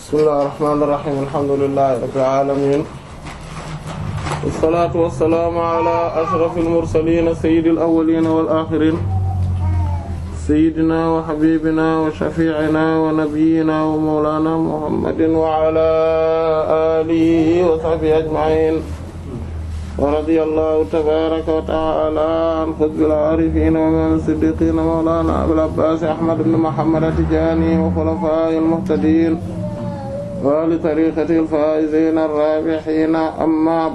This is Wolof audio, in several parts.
bismillahir rahmanir rahim alhamdulillahi rabbil alamin wassalatu wassalamu ala ashrafil mursalin sayyidil awwalin wal akhirin sayyidina wa habibina wa shafi'ina wa nabiyyina wa mawlana muhammadin wa ala alihi wa sahbihi ajma'in wa radiyallahu tabaraka wa ta'ala an qutbil arifin wa min siddiqin mawlana abil abbas ahmad ibn muhammad at-tijani wa khulafa'il muhtadin wa li tariqati al-faa'iziina ar-raabihiina amma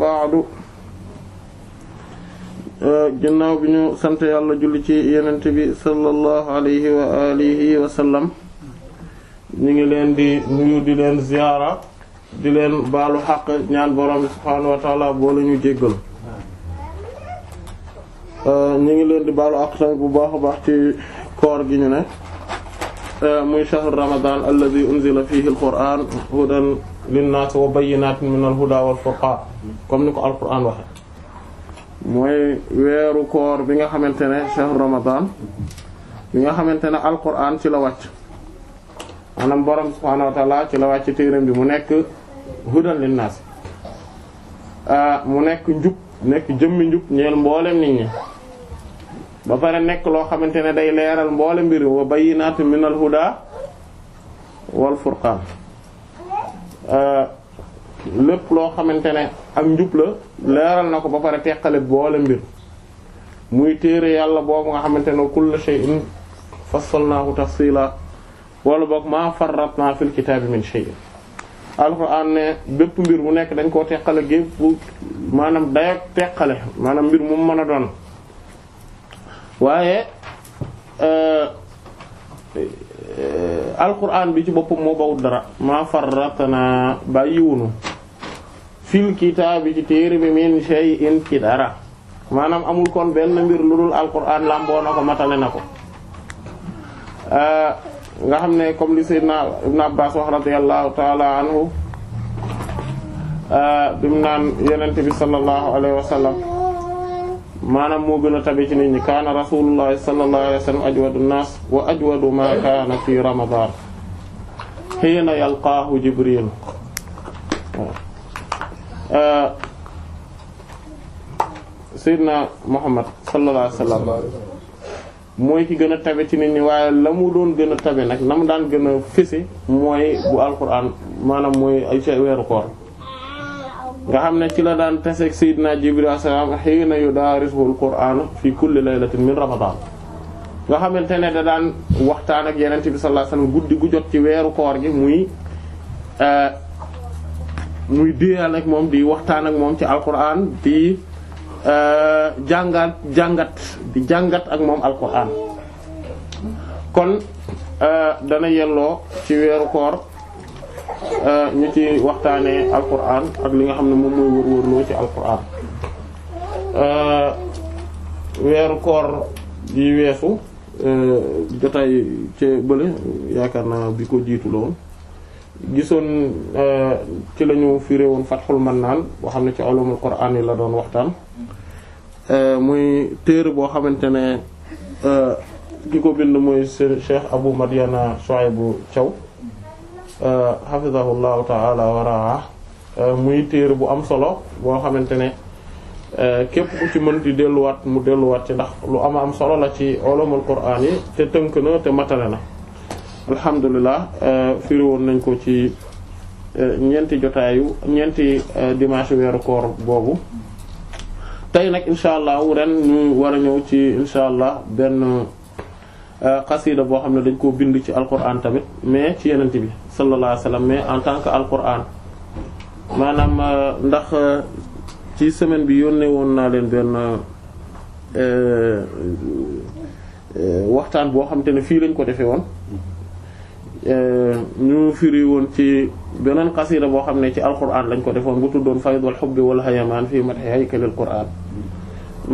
ginnaaw bi ñu sant yàlla julli ci yenent bi sallallahu alayhi wa alihi wa sallam ñu ngi leen di nuyu di leen ziyaara di leen baalu xaq ñaan borom bi subhaanahu wa ta'aala boo la jéggal ñu ngi leen di baalu xaq tamit bu baax a baax ci koor gi ñu ne Euh, muy shahru ramadan alladhi unzila fihi alquran hudan linnaas wa bayyinatin min alhuda wal furqan comme ni ko alquran waxe mooy weeru koor bi nga xamante ne shahru ramadan bi nga xamante ne alquran ci la wàcc maanaam borom subhaanahu wa ci la wàcc téeram bi mu nekk hudan linnaas euh, mu nekk njub nekk jëmmi njub ñeel mboolem nit ñi ba pare nekk loo xamante ne day leeral mboole mbir wa bayyinaatu minal huda wal furqaan euh, lépp loo xamante ne ak njub leeral na ko ba pare teqale boole mbir muy téere yàlla boobu nga xamante ne kullu shay'in fassalnaahu tafsiila wala boog maa farratnaa fil kitaabi min shay'in alxuraan ne bépp mbir bu nekk dañ koo teqale gépp maanaam dayo teqale maanaam mbir mu mën a doon waaye euh, euh, alquran bi ci boppam moo bawut dara maa farratna bàyyiwunu fil kitaabi ci téere bi min shay'in ci dara maanaam amul kon benn mbir lu dul alquran làmboo na ko matale na ko euh, nga xam ne comme li sayyidna ibn abbas wax radiyallahu ta'ala anhu bi mu bi sallallahu alayhi wa maanaam moo gën a tabi ci nit ñi kaana rasulullahi sallallahu alayhi wa sallam ajwadu nnaas wa ajwadu ma kaana fi ramadan xiina yalqaahu jibril seydna muhammad sallallahu alayhi wa mooy ki gën a tabe ci nit ñi waaye la mu doon gën a tabe nag na mu daan gën a fese mooy bu alquran maanaam mooy ay weeru koor nga xam ne ci la daan taseeg Seydina Jibril alayhi salaam hiina yudaarisuhul Qur'aan fi kulli laylatin min Ramadan nga xamante ne da daan waxtaan ak Yonent bi sallallahu alayhi wasallam guddi gu jot ci weeru koor gi muy euh, muy déeyal ak moom di waxtaan ak moom ci Alqur'aan di euh, jàngat jàngat di jàngat ak moom Alqur'aan kon euh, dana yelloo ci weeru koor. Euh, ñu ci waxtaanee Alquran ak li nga xam ne moom mooy wër-wërloo ci Alquran euh, weeru koor yi weesu euh, jotaay ci bële yaakaar naa bi ko jiitu lool gisoon ci lañu firé woon man Mannaan boo xam ne ci ulumul Qur'an yi la doon waxtaan muy téere boo xamante ne ki ko bind mooy Cheikh Abou Madiana bu Thiaw xafizahullahu euh, taala wa raa euh, muy téere bu am solo boo xamante ne euh, képp ku ci mën di delluwaat mu delluwaat ci ndax lu ama am solo la ci ulumul qur'aan yi te tënk na te matale na alhamdulilah firi woon nañ ko ci ñeenti jotaayu ñeenti dimanche weeru koor boobu tey nag incha allah ren ñu war ñëw ci incha allah benn Euh, xasida boo xam ne dañ koo bind ci alquran tamit mais ci yenent bi sallallahu alayhi wasallam mais en tant que alquran maanaam euh, ndax euh, ci semaine bi yónnee woon naa leen benn waxtaan boo xam te ne fii lañ ko defee woon ñu firi woon ci beneen xasida boo xam ne ci alquran lañ ko defoon bu tuddoon faydul hubbi wal hayaman fii madhi haykalil quran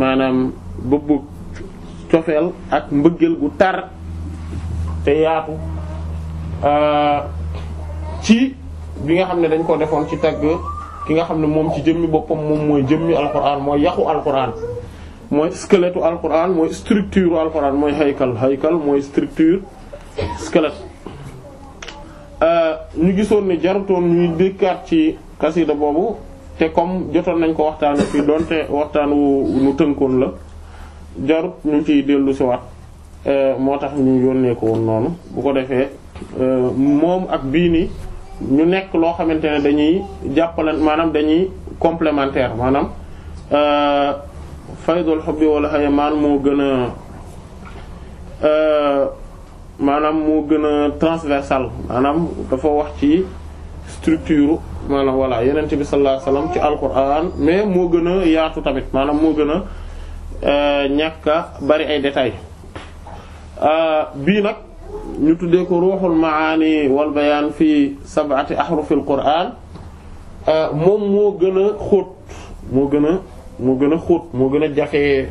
maanaam bëbbug cofeel ak mbëggeel gu tar te yaatu euh, ci bi nga xam ne dañ ko defoon ci tagg ki nga xam ne moom ci jëmmi boppam moom mooy jëmmi alquran mooy yaxu alquran mooy squelette u alquran mooy structure alquran mooy haykal haykal mooy structure squelette euh, ñu gisoon ne jarutoon ñuy dékkaat ci kasida boobu te comme jotoon nañ ko waxtaane fii doonte waxtaan wu nu tënkoon la jarut ñu ciy dellu si waat euh, moo tax ñu yónnee ko noonu bu ko defee euh, moom ak bii nii ñu nekk loo xamante ne dañuy jàppale maanaam dañuy complementaire maanaam euh, faydul hubbi wala hayamaan moo gën a maanaam moo gën a transversal maanaam dafa wax ci structure maanaam voilà yeneen bi sallallahu alayhi wasallam ci alquran mais moo gën a yaatu tamit maanaam moo gën a Euh, ñàkk a bari ay détails euh, bii nag ñu tuddee ko ruuxul maani wal bayaan fi sab'ati ahrufil qur'an euh, moom moo gën a xóot moo gën a moo gën a xóot moo gën a jafee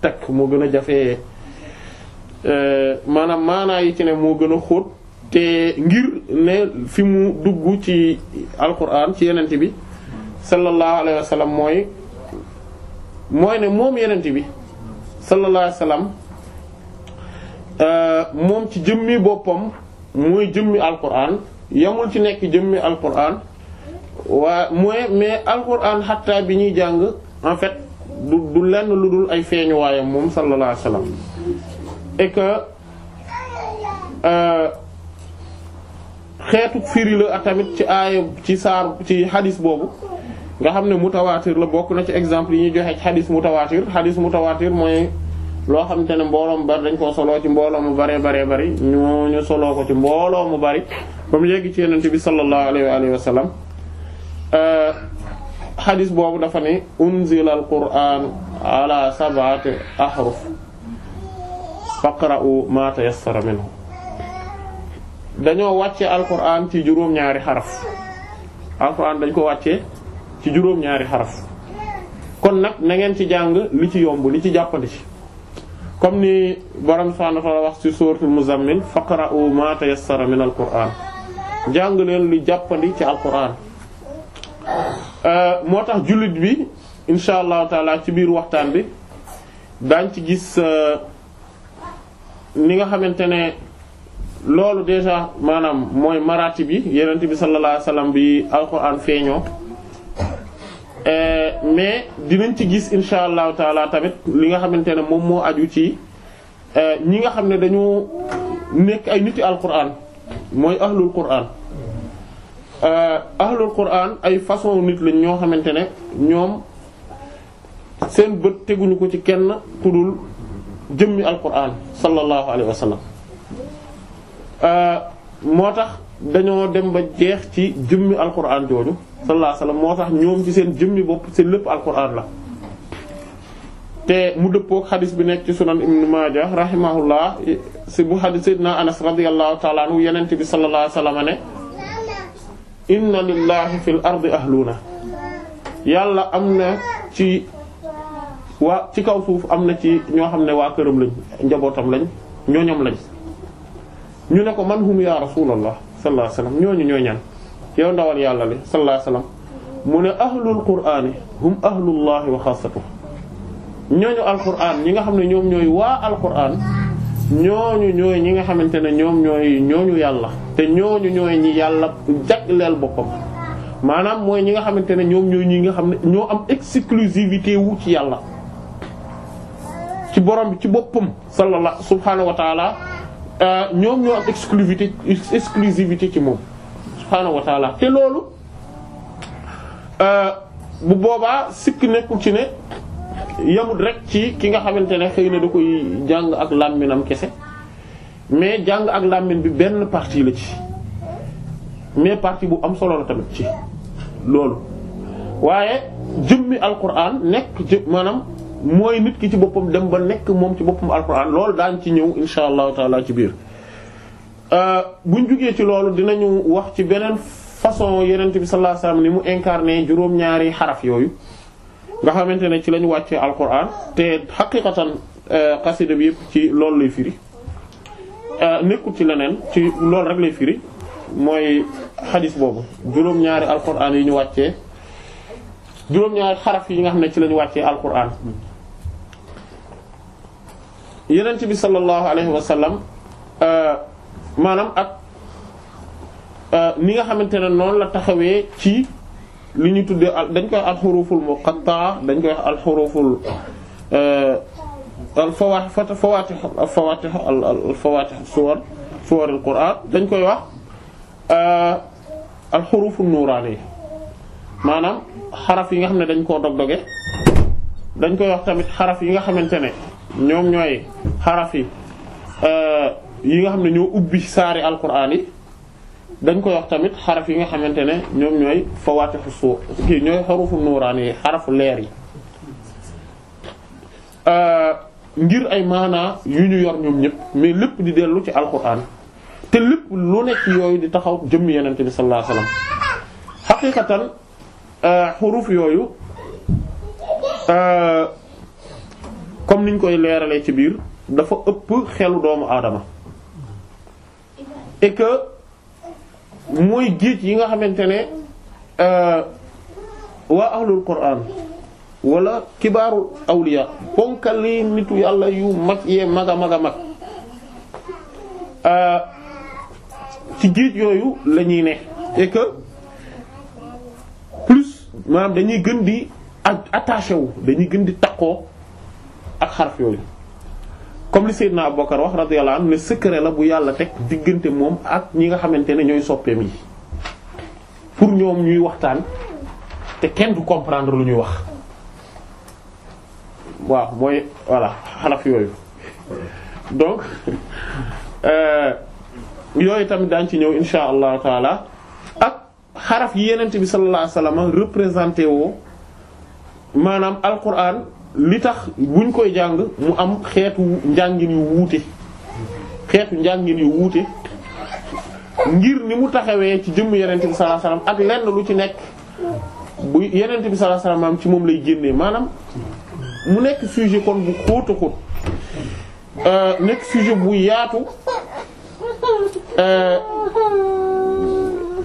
takk moo gën a jafee maanaam maanaa yi ci ne moo gën a xóot te ngir ne fi mu dugg ci alquran ci yenente bi sallallahu alayhi wa mooy mooy ne moom yenent bi sallallahu alayhi euh, moom ci jëmmi boppam mooy jëmmi alquran yamul ci nekk jëmmi alquran waa mooy mais alquran xatta bi ñuy jàng en fait du lenn lu dul ay feeñu waayam moom sallallahu alayhi wasallam euh, xeetu firi la tamit ci aaya ci saar ci hadis boobu nga xam ne mu mutawaatir la bokk na ci exemple yi ñuy joxe ci xadis mu xadis mutawaatir mooy loo xam te ne mbooloo mu bari dañ koo soloo ci mbooloo mu baree baree bari ñoo ñu soloo ko ci mbooloo mu bari comme léegi ci yenente bi sallallahu alayhi wa alihi euh, xadis boobu dafa ne unzila al quran ala sab'ati ahruf faqra'u ma tayassara minhu dañoo wàcce alquran ci juróom-ñaari xaraf alquran dañ ko wàcce ci juróom-ñaari xaraf kon nag nangeen ci jàng li ci yomb li ci jàppandi ci comme ni borom subhaanahu wa ta'aala wax ci suuratul muzammil faqra'u ma tayassara min al-qur'aan jàng leen lu jàppandi ci al-qur'aan euh, moo tax jullit bi insha allahu taala ci biir waxtaan bi daañ ci gis euh, ni nga xamante ne loolu déjà maanaam mooy maraati bi yenent bi sallallahu alayhi wasallam bi alquran feeñoo Euh, mais dinañ ci gis incha allah taala tamit li nga xamante ne moom moo aju ci euh, ñi nga xam ne dañu nekk ay niti alquran mooy ahlul quran euh, ahlul quran ay façon nit lañ ñoo xamante ne ñoom seen bët teguñu ko ci kenn kudul jëmmi alquran sallallahu alayhi wa sallam moo tax dañoo dem ba jeex ci jëmmi alquran jooju sallallahu alayhi wasallam moo tax ñoom ci seen jëmmi bopp seen lépp alquran la te mu dëppoo ak bi nekk ci sunan ibn Maaja rahimahullah si bu xadis sayyidina Anas radiyallahu ta'ala yenent bi sallallahu alayhi wasallam ne inna lillahi fil ardi ahluna yàlla am na ci waa ci kaw suuf am na ci ñoo xam ne waa këram lañ njabootam lañ ñooñam lañ ñu ne ko man hum ya rasulallah sallallahu alayhi wasallam ñooñu ñooy ñan yow ndawal yàlla li sallallahu alayhi wasallam mu ne ahlul qur'ani hum ahlullahi wa xaasatuhu ñooñu alqur'an ñi nga xam ne ñoom ñooy waa alqur'an ñooñu ñooy ñi nga xamante ne ñoom ñooy ñooñu yàlla te ñooñu ñooy ñi yàlla jagleel boppam maanaam mooy ñi nga xamante ne ñoom ñooy ñi nga xam ne ñoo am exclusivité ci yàlla ci borom ci boppam sallallahu subhaanahu Euh, ñoom ñoo am exclusivité exclusivité ci moom subhaanahu wa te loolu euh, bu boobaa sikk nekkul ci ne yamut rekk ci ki nga xamante ne xëy na da koy jàng ak làmminam kese mais jàng ak làmmin bi benn partie la ci mais partie bu am solo la tamit ci loolu waaye jëmmi alquran nekk jë maanaam mooy nit ki ci boppam dem ba nekk moom ci boppam alxuraan loolu daan ci ñëw insha allahu taala ci biir euh, buñ jugee ci loolu dinañu wax ci beneen façon yenent bi sallallahu alayhi wasallam ni mu incarné juróom-ñaari xaraf yooyu nga xamante ne ci lañu wàccee alxuraan te xaqiqatan xasida euh, bi yëpp ci loolu lay firi euh, nekkul ci leneen ci loolu rek lay firi mooy xadis boobu juróom-ñaari alxuraan yi ñu wàccee juróom-ñaari xaraf yi nga xam ne ci lañu wàccee alxuraan yenent bi sallallahu alayhi wa sallam euh, maanaam ak euh, ni nga xamante ne noonu la taxawee ci li ñu tuddee dañ koy alxuruful muqatta dañ koy alxuruful euh, al fawaatix fawaatix al fawaatix al fawaatix suwar suwar al qur'an dañ koy wax alxuruful nuuraani maanaam xaraf yi nga xam ne dañ koo dog doge dañ koy wax tamit xaraf yi nga xamante ne ñoom ñooy xaraf euh, yi nga xam ne ñoo ubbi saari alquran yi dañ ko wax tamit xaraf yi nga xamante ne ñoom ñooy fawaatihu suur kii ñooy xarufu nuuraan yi xarafu leer yi euh, ngir ay maanaa yu ñu yor ñoom ñëpp mais lépp di dellu ci alquran te lépp lu nekk yooyu di taxaw jëm yenente bi sallallahu alayhi wasallam xaqiqatan euh, yooyu comme niñ koy leeralee ci biir dafa ëpp xelu doomu aadama et que mooy géej yi nga xamante ne euh, waa ahlul quran walla kibaaru awliya ponkali nitu yàlla yu mag yee mag a mag a mag euh, ci géej yooyu la ñuy ne et que plus maanaam dañuy gën di attaché wu dañuy gën di takkoo ak xaraf yooyu comme li Seydina Abubakar wax radiyallahu anhu ne secret la bu yàlla teg diggante moom ak ñi nga xamante ne ñooy soppeem yi pour ñoom ñuy waxtaan te kenn du comprendre lu ñuy wax waaw mooy voilà xaraf yooyu donc euh, yooyu tamit daañ ci ñëw insha allahu taala ak xaraf yi yenent bi sallallahu alayhi wasallam représenté woo maanaam alquran li tax buñ koy jàng mu am xeetu njàngin yu wuute xeetu njàngin yu wuute ngir ni mu taxawee ci jëmm yenente bi sallallahu alayhi wasallam lu ci nekk bu yenente bi sallallahu alayhi ci moom lay génnee maanaam mu nekk sujet kon bu xóota xóot euh, nekk sujet bu yaatu euh,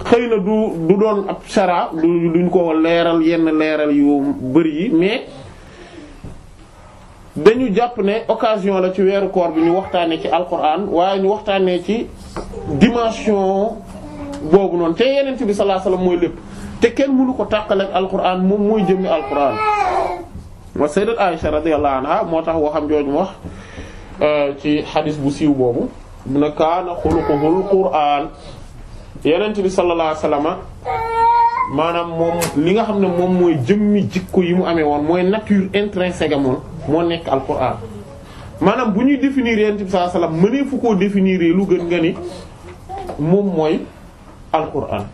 xëy na du du doon ab sara du duñ ko leeral yenn leeral yu bari yi mais dañu jàpp ne occasion la ci weeru koor bi ñu waxtaanee ci alquran waaye ñu waxtaanee ci dimension boobu noonu te yenent bi sallallahu alayhi mooy lépp te mënu ko tàqale ak alquran moom mooy jëmmi alquran. wa sayyidat Aisha radiyallahu anha moo tax waxam jooju mu wax euh, ci xadis bu siiw boobu na kaana xuluquhul qur'an yenent bi sallallahu alayhi maanaam moom li nga xam ne moom mooy jëmmi jikko yi mu amee woon mooy nature intrinsèque amoon moo nekk alquran maanaam bu ñuy définir yonent bi sallallahu alayhi wasallam mënee fu koo définir lu gën nga ni moom mooy alquran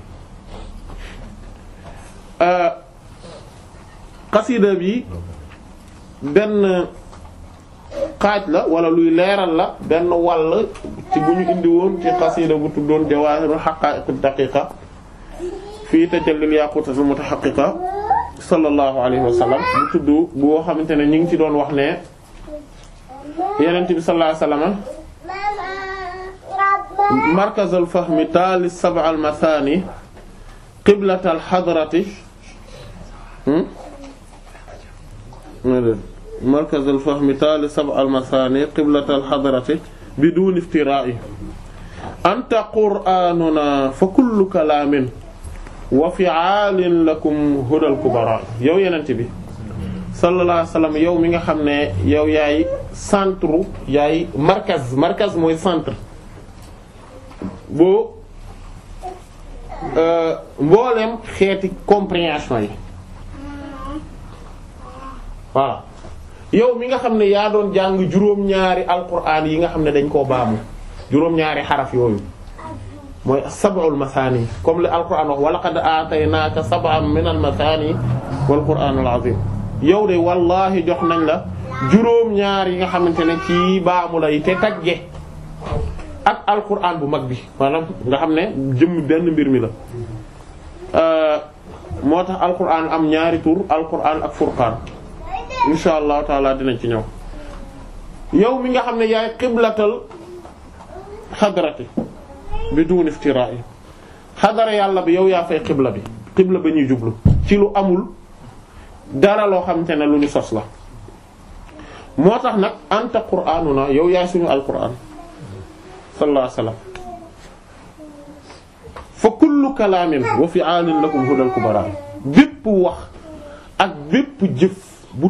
euh, xasida bi benn xaaj la wala luy leeral la benn wàll ci bu ñu indi woon ci xasida bu tuddoon jawaahiru xaqaa'iqu daqiqa fii tajallil yaaqutatul mutaxaqiqa sallallahu alayhi wa sallam bu tudd boo xamante ne ñu ngi ci doon wax ne yenent bi sallallahu alayhi wa sallam markazul fahmi taali sab'al mathani qiblatal hadrati hmm? markazul fahmi taali sab'al qur'anuna fa kullu kalamin wa fi'aalin lakum hudal kubara yow yenent bi sallallahu alayhi wa yow mi nga xam ne yow yaay centre yaay markaz markaz mooy centre boo euh, mboolem xeeti compréhension yi voilà yow mi nga xam ne yaa doon jàng juróom-ñaari alquran yi nga xam ne dañ koo baamu juróom-ñaari xaraf yooyu mooy sab'ul mathani comme li alquran wax wa laqad aataynaaka sab'an minal mathani wal qur'anil azim yow de wallahi jox nañ la juróom ñaar yi nga xamante ne ci baamu lay te tagge ak alquran bu mag bi maanaam nga xam ne jëm benn mbir mi la euh, moo tax alquran am ñaari tur alquran ak furqaan insha allahu taala dinañ ci ñëw yow mi nga xam ne yaay qiblatal xadrati bi duun iftiraa yi xadara yàlla bi yow yaa fay xibla bi xibla ba ñuy jublu ci lu amul dara loo xamante ne lu ñu sos la moo tax nag anta qur'anuna yow yaay suñu alquran sallallahu alayhi wasallam fa kullu kalaamin wa fi'aalin lakum hudal kubara bépp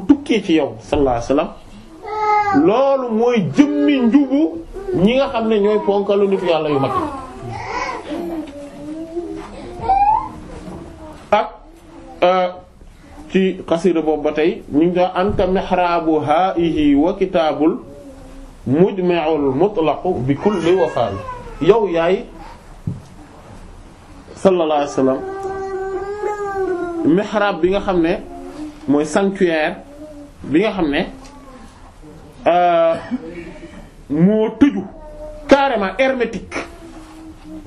tukkee ci yow sallallahu alayhi loolu mooy jëmmi njubu ñi nga xam ne ñooy ponkalu nit yàlla yu mag ak euh, ci xasida boobu ba tey ñu ngi doon anta mihraabu haa'ihi wa kitaabul mujma'ul mutlaqu bi kulli wafaal yow yaay sallallahu alayhi wa bi nga xam ne mooy sanctuaire bi nga xam ne euh, moo tëju carrément hermétique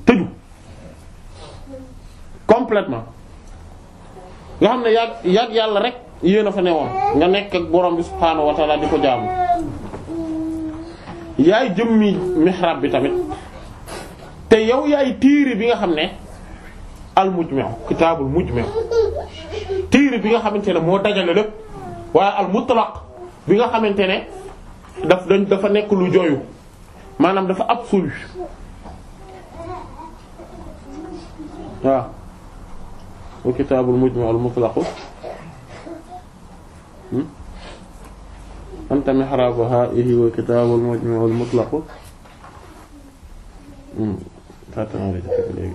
tëju completement nga xam ne yaa yaag yàlla rek yéen a fa ne woon nga nekk boroom bi subhaanahu wa ta'ala di ko jaamu yaay jëmmi mihrab bi tamit te yow yaay téere bi nga xam ne al mujmi' kitaabul mujmi' téere bi nga xamante ne moo dajale lépp waaye al mutlaq bi nga xamante ne daf dañ dafa nekk lu jooyu maanaam dafa absolu waaw Hmm? wa kitaabul mujma' al mutlaq anta mihrab ha'ihi wa kitaabul mujma' al mutlaq fàttanaa léegi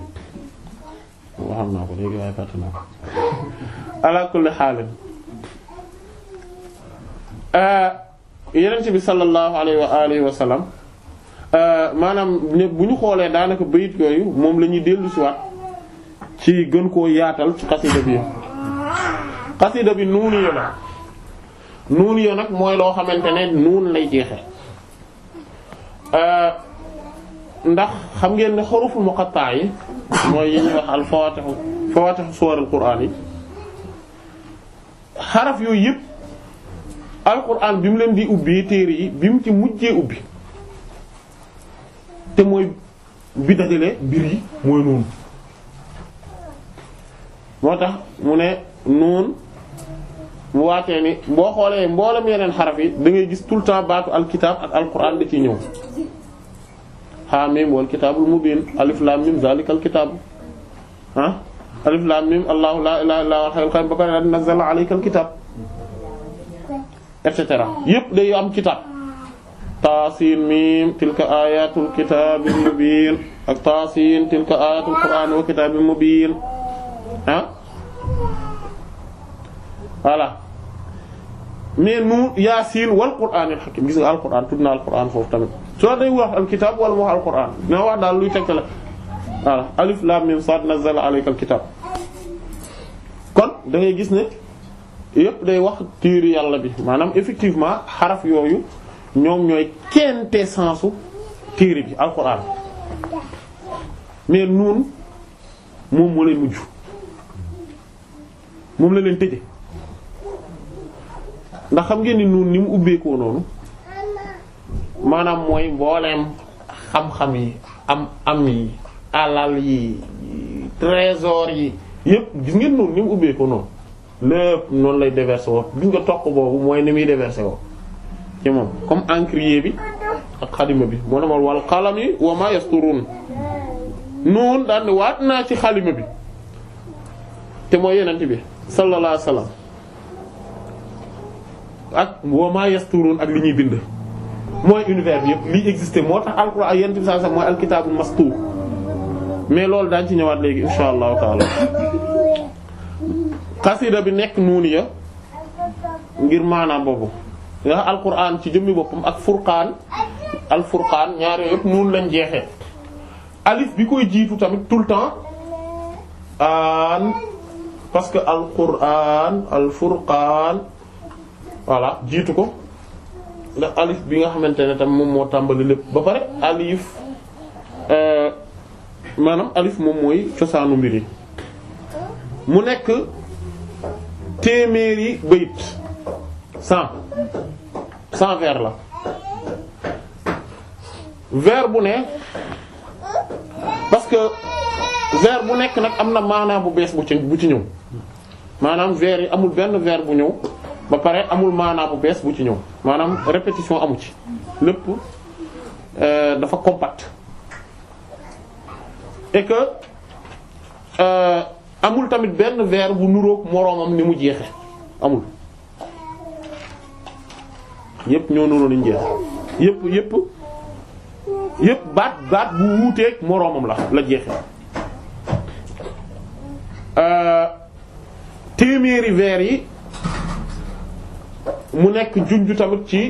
waxam ko léegi waaye fàttanaa ko ala ah, bi sallallahu alayhi wa alihi wa sallam ah, maanaam bu ñu xoolee daanaka bayit yooyu moom la ñuy dellu ci gën koo yaatal ci xasida bi xasida bi nuunu yo la nuunu yo nag mooy loo xamante ne nuun lay jeexe euh, ndax xam ngeen ne xaruful muqatta yi mooy yi ñuy wax al fawatihu fawatihu suwar al qur'an yi xaraf yooyu yëpp al qur'an bi mu leen di ubbi téere yi bi mu ci mujjee ubbi te mooy bi mbir yi mooy noonu moo tax mu ne nuun mu waatee ni boo xoolee mboolem yeneen xaraf yi da ngay gis tout le temps baatu alkitab ak alquran da ciy ñëw xaamim wal kitaabul mubin alif lam mim zalikal kitab ah mim allahu la ilaha illa huwal hayyul qayyum ba pare nazzala alaykal kitab et cetera yépp day am kitab taasin mim tilka ayatul kitabil mubin ak taasin tilka ayatul qur'an mubin ah voilà mais nuun yaasiin wal qur'aanil hakiim gis nga alquran tudd na alquran foofu tamit soo day wax alkitab wala mu wax alquran dina wax daal luy tegtale voilà alif lam mim sad nazzala alayka alkitab kon da gis ne yépp day wax téere yàlla bi maanaam effectivement xaraf yooyu ñoom ñooy quintessence u téere bi alquran mais nuun moom moo lay mujj moom la leen tëje ndax xam ngeen ni nuun ni mu ubbeekoo noonu maanaam mooy mbooleem xam-xam yi am am yi alal yi trésor yi yépp gis ngeen noonu ni mu ubbeekoo noonu lépp noonu lay déverser woo gis nga toq boobu mooy ni muy déverser woo ci moom comme encrier bi ak xalima bi moo demal wal qalami wa ma yasturun noonu daal ne waat naa ci xalima bi te mooy yenent bi sallallahu alayhi wasallam ak wa ma yasturuun ak li ñuy bind mooy univers bi yëpp lii existé moo tax alxuraan ak yenent bi sallallahu alayhi wasallam mooy alkitaabul mais loolu daañ ci ñëwaat léegi insha allahu taala xasida bi nekk nuuni ya ngir maanaam boobu nga alquran ci jëmmi boppam ak furqaan al furqaan ñaar yooyu nuun lañ jeexee alif bi koy jiitu tamit tout le temps parce que al quraan al furqaan voilà jiitu ko ndax alif bi nga xamante ne tam moom moo tàmbali lépp ba pare alif euh, maanaam alif moom mooy cosaanu mbir yi mu nekk téeméeri bayit cent cent vers la vers bu ne parce que vers bu nekk nag am na maanaam bu bees bu ci bu ci ñëw maanaam vers yi amul benn vers bu ñëw ba pare amul maanaa bu bees bu ci ñëw maanaam répétition amu ci lépp euh, dafa compact et que euh, amul tamit benn vers bu nuroog moroomam ni mu jeexee amul yépp ñoo nuroo niñ jeexe yépp yépp yépp baat baat bu wuuteeg moroomam la la jeexe Euh, téeméeri vers yi mu nekk junju tamit ci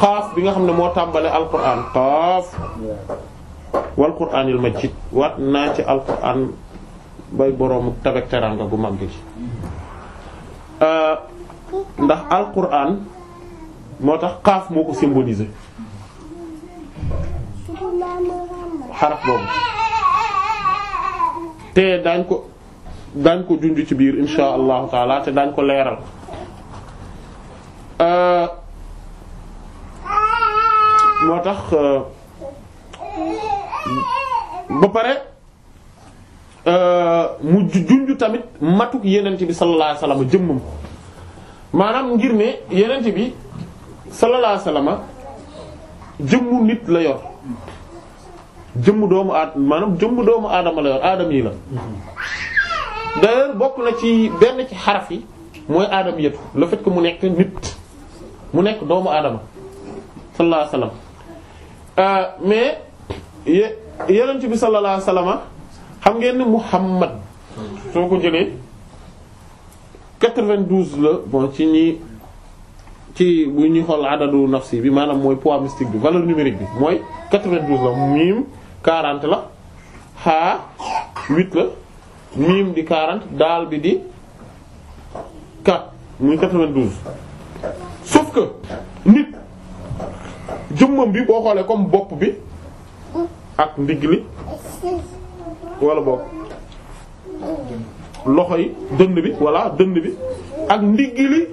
xaaf bi nga xam ne moo tàmbale alquran xaaf wal qur'anil majid waat naa ci alquran bay boroomu tabek teranga gu mag gi euh, ndax alquran moo tax xaaf moo ko symboliser xaraf boobu te daañ ko daañ ko junj ci biir insha allahu taala te daañ ko leeral euh, moo tax euh, ba pare euh, mu junj tamit matuk yenent bi sallallahu alayhi wasallam jëmmam maanaam ngir ne yenent bi sallallahu alayhi wasallam jëmmu nit la yor jëmmu doomu aad maanaam jëmmu doomu aadama la yor aadam yi la d'ailleurs bokk na ci benn ci xaraf yi mooy aadam yëpp le fait mu nekk nit mu nekk doomu aadama sallallahu alayhi wa sallam euh, mais bi sallallahu alayhi wa sallam xam ngeen ni Muhammad soo ko jëlee 92 la bon ci ñi ci bu ñuy xool adadu nafsi bi maanaam mooy poids mystique bi valeur numérique bi mooy 92 la miim 40 la xaa 8 la miim di 40 daal bi di 4 muy 92 sauf que nit jëmmam bi boo xoolee comme bopp bi ak ndigg li wala bopp loxo yi dënd bi walla dënd bi ak ndigg li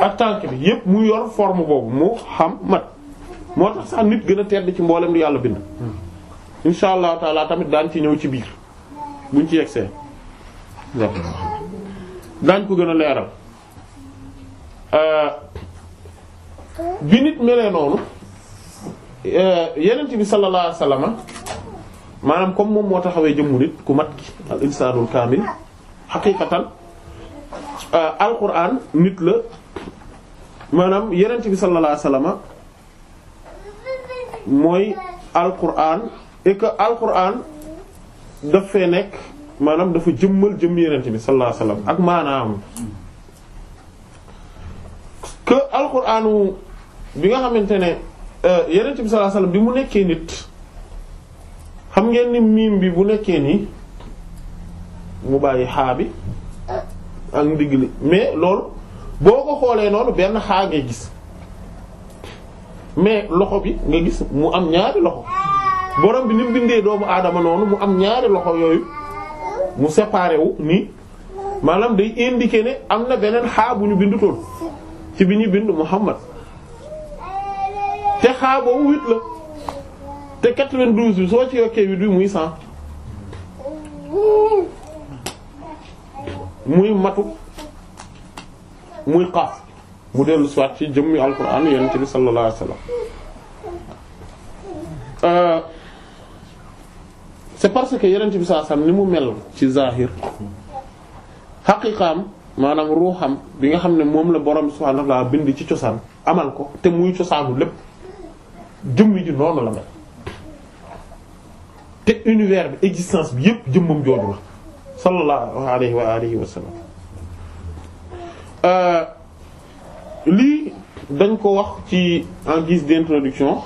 ak tànk bi yépp mu yor forme boobu mu xam mat moo tax sax nit gën a tedd ci mboolem lu yàlla bind insha allah taala tamit daan ci ñëw ci biir buñ ci yegsee daañ ko gën a leeral euh, bi nit melee noonu euh, yenent bi sallallahu alayhi maanaam comme moom moo taxawee jëmmu nit ku mat ki al insaanul kaamil xaqiiqatan euh, al quraan nit la maanaam yenent bi sallallahu alayhi mooy al quraan et que al quraan daf fee nekk maanaam dafa jëmmal jëm yenente bi sallallahu alayhi ak maanaam que bi nga xamante ne euh, yenente bi sallallahu bi mu nekkee nit xam ngeen ni miim bi bu nekkee nii mu bàyyi xaa bi ak ndigg mais loolu boo ko xoolee noonu benn xaa ngay gis mais loxo bi nga gis mu am ñaari loxo borom bi ni mu bindee doomu aadama noonu mu am ñaari loxo yooyu mu séparé wu nii maanaam day indiquer ne am na beneen xaa bu bindutoon ci bi ñuy bind Muhammad te xaa boobu la te quatre-vingt-douze bi soo ci yokkee huit bi muy cent muy matu muy xaaf mu dellu soit ci jëmmi alquran yonent bi sallallahu alayhi c'est parce que yonent bi sallallahu alayhi ni mu mel ci zahir xaqiqaam maanaam ruuxam bi nga xam ne moom la borom subhaanahu wa ta'ala bind ci cosaan amal ko te muy cosaanu lépp jëmm ji noonu la mel te univers bi existence bi yépp jëmmam jooju la sallallahu alayhi wa alihi wa sallam euh, lii dañ ko wax ci en gis d'introduction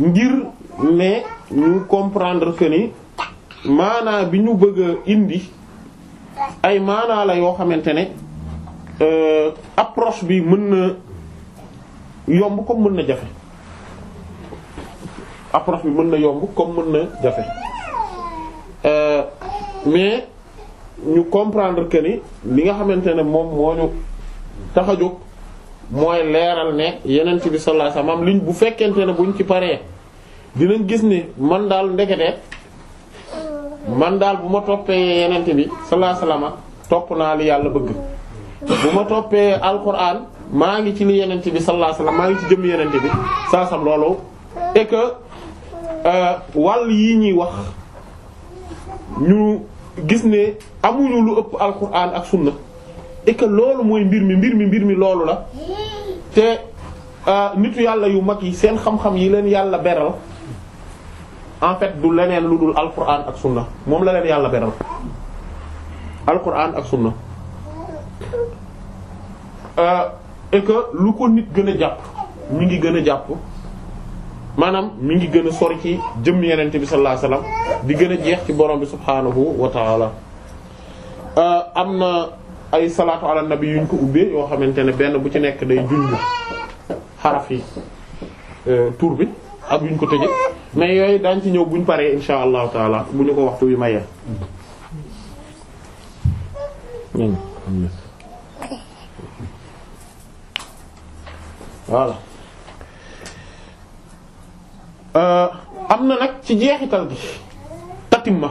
ngir mais ñu comprendre que ni maanaa bi ñu bëgg indi ay maanaa la yoo xamante ne euh, approche bi mën na yomb comme mën na jafe approche bi mën na yomb comme mën na jafe euh, mais ñu comprendre que ni li nga xamante ne moom moo ñu tax jóg mooy leeral ne yeneen ci bi sallallahu alayhi wasallam bu fekkente ne buñ ci paree. dinañ gis ni man daal ndekete man daal bu ma toppee yenente bi sallallahu alayhi wasallam topp naa li yàlla bëgg bu ma toppee alquran maa ngi ci li yenente bi sallallahu alayhi maa ngi ci jëm yenente bi saasam loolu et euh, wàll yi ñuy wax ñu gis ne amuñu lu ëpp alquran ak sunna et loolu mooy mbir mi mbir mi mbir mi loolu la te euh, nitu yàlla yu mag yi seen xam-xam yi leen yàlla beral en fait du leneen lu dul alquran ak sunna moom la leen yàlla beral alquran ak sunna euh, et que lu ko nit gën a jàpp mi ngi gën a jàpp maanaam mi ngi gën a sori ci jëm yenent bi sallallahu alayhi di gën a jeex ci borom bi subhaanahu wa ta'ala euh, am na ay salaatu ala nabi yuñ ko ubbee yoo xamante ne benn bu ci nekk day junj xarafi euh, tuur bi ak yu ñu ko tëjee mais yooyu daañ ci ñëw bu ñu paree insha allahu taala bu ñu ko waxtu wi mayee voilà euh, am na nag ci jeexital gi tatimma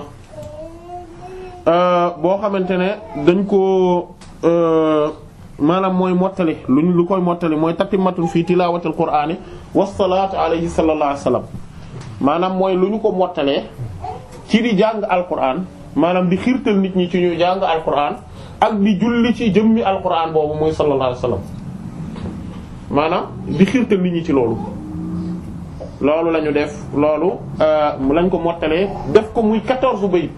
euh, boo xamante ne dañ ko euh, maanaam mooy mottali luñ lu koy mottali mooy tatimatun fii tilaawatil qur'aani wasalaatu alayhi sallallahu alayhi wa sallam maanaam mooy lu ñu ko mottalee ci di jàng alquran maanaam di xiirtal nit ñi ci ñuy jàng alquran ak di julli ci jëmmi alquran boobu mooy sallallahu alayhi wa maanaam di xiirtal nit ñi ci loolu. loolu lañu ñu def loolu euh, lañ ko mottalee def ko muy quatorze bayit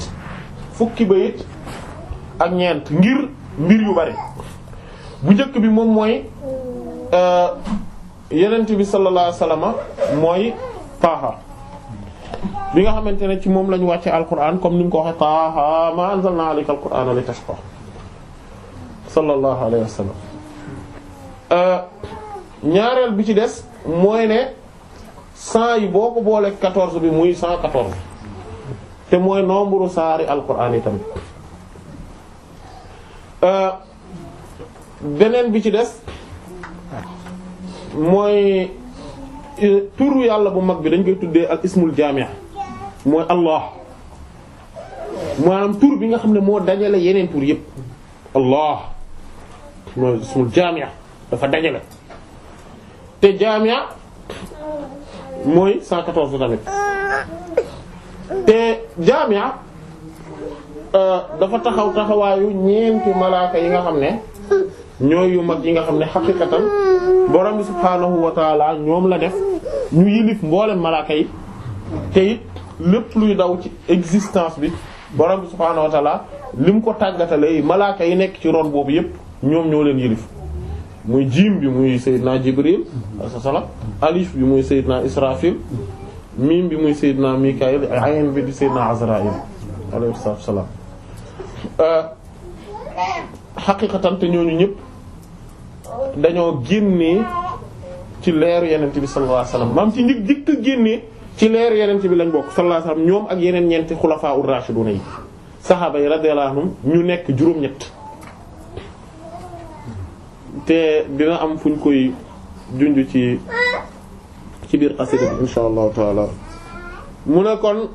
fukki bayit ak ñeent ngir mbir yu bari bu njëkk bi moom mooy euh, yenent bi sallallahu alayhi wasallam mooy taaha bi nga xamante ne ci moom lañu wàcce alquran comme ni mu ko waxee taaha ma anzalna alayka alqur'ana li tashqa sallallahu alayhi wasallam euh, ñaareel bi ci des mooy ne cent yi boo ko boolee quatorze bi muy cent quatorze te mooy nombre saari alquran yi tamit euh, beneen bi ci des mooy euh, turu yàlla bu mag bi dañ koy tuddee al ismul jaami' mooy allah maanaam tur bi nga xam ne moo dajale yeneen tur yépp allah mooy ismul jaami' dafa dajale te jaami' mooy 114 tamit te jaami' euh, dafa taxaw taxawaayu ñeenti malaaka yi nga xam ne ñooy yu mag yi nga xam ne xaqiqatan borom bi subhaanahu wa ñoom la def ñu yilif mboolem malaaka yi te lépp luy daw ci existence bi borom bi subhaanahu wa taala lim ko tàggatale malaaka yi nekk ci ron boobu yépp ñoom ñoo leen yilif muy jiim bi muy Seydina Jibril alayhi salaam alif bi muy Seydina Israfil miim bi muy Seydina Mikaayil ayn bi di Seydina Azraayil alayhi salaam euh, xaqiqatan te ñooñu ñépp dañoo génnee ci leeru yenent bi sallallahu alayhi maam ci njëkk njëkk a génnee ci leeru yenent bi lañ bokk sallallahu alayhi ñoom ak yeneen ñeenti xulafaa ur rashiduna yi saxaaba yi radiyallahu ñu nekk juróom-ñett te dina am fuñ koy junj ci ci biir xasida bi insha allahu taala mu ne kon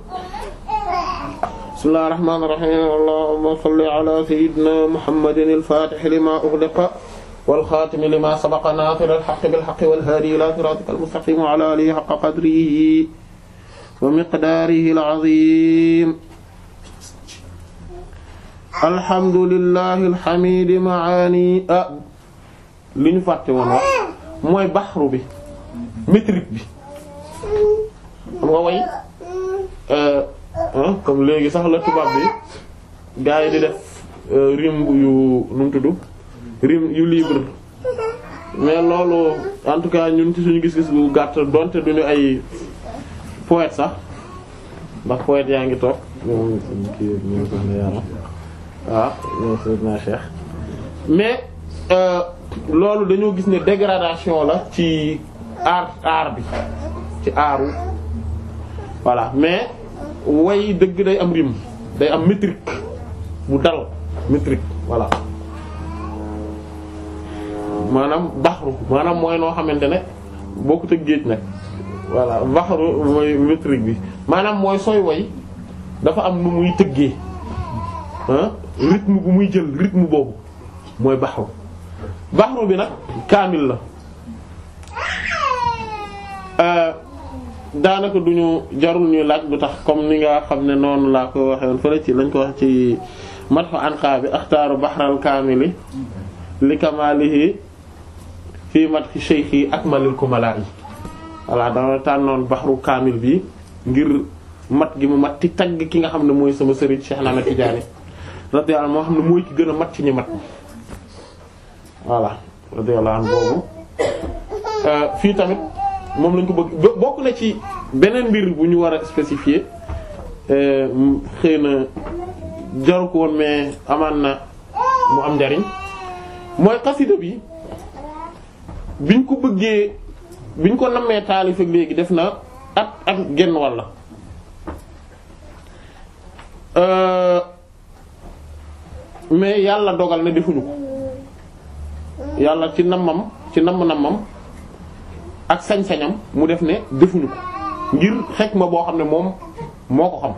bismillahir rahmanir rahim allahumma salli ala sayyidina muhammadin al-fatih lima ughliqa والخاتم لما سبق ناصر الحق بالحق والهادي إلى صراطك المستقيم وعلى آله حق قدره ومقداره العظيم الحمد لله الحميد maani ah li ñu fàtte woon bi métrique bi xam nga way comme léegi sax la tubaab bi yi di def rim yu tudd rime yu libre mais loolu en tout cas ñun ci suñu gis-gis bu gàtt donte duñu ay poète sax ndax poète yaa ngi toog ñoom ah, mais euh, loolu dañoo gis ne dégradation la ci aar aar bi ci aaru voilà mais way dëgg day am rime day am métrique bu dal métrique voilà maanaam baxru maanaam mooy noo xamante ne bokkut ak géej nag voilà baxru mooy métrique bi maanaam mooy sooy woy dafa am nu muy tëggee ah bu muy jël rythme boobu mooy baxru baxru bi nag kaamil la euh, daanaka duñu jarul ñuy laaj bu tax comme ni nga xam ne noonu laa ko waxee woon fële ci lañ ko wax ci matxu anqa bi axtaaru baxral kaamili li kamaalihi fii madhi ko akmalil kumala'i voilà dama tànnoon baxru kaamil bi ngir mat gi mu mat ci tagg ki nga xam ne mooy sama sëriñ Cheikh Ahmad Tidiane radiyallahu anhu moo xam ne mooy ki gën a mat ci ñi mat voilà radiyallahu anhu boobu euh, fii tamit moom lañ ko bëgg bokk na ci beneen mbir bu ñu war a spécifier euh, xëy na jaru ko woon mais amaan na mu am njariñ mooy xasida bi biñ ko bëggee biñ ko nammee taalif ak léegi def na at ak genn walla euh, mais yàlla dogal na defuñu ko yàlla ci nammam ci namm nammam ak sañ-sañam mu def ne defuñu ko ngir xekk ma boo xam ne moom moo ko xam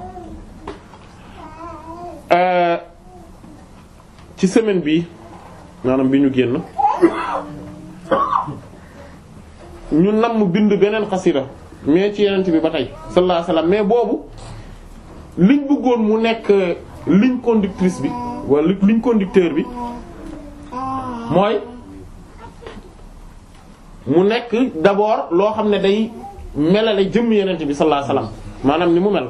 euh, ci semaine bi maanaam bi ñu génn ñu namm bind beneen xasida mais ci yenent bi ba tey sallallahu alayhi wasallam mais boobu liñ bëggoon mu nekk liñ conductrice bi wala ligne conducteur bi mooy mu nekk d'abord loo xam ne day melale jëm yenent bi sallallahu alayhi wasallam maanaam ni mu mel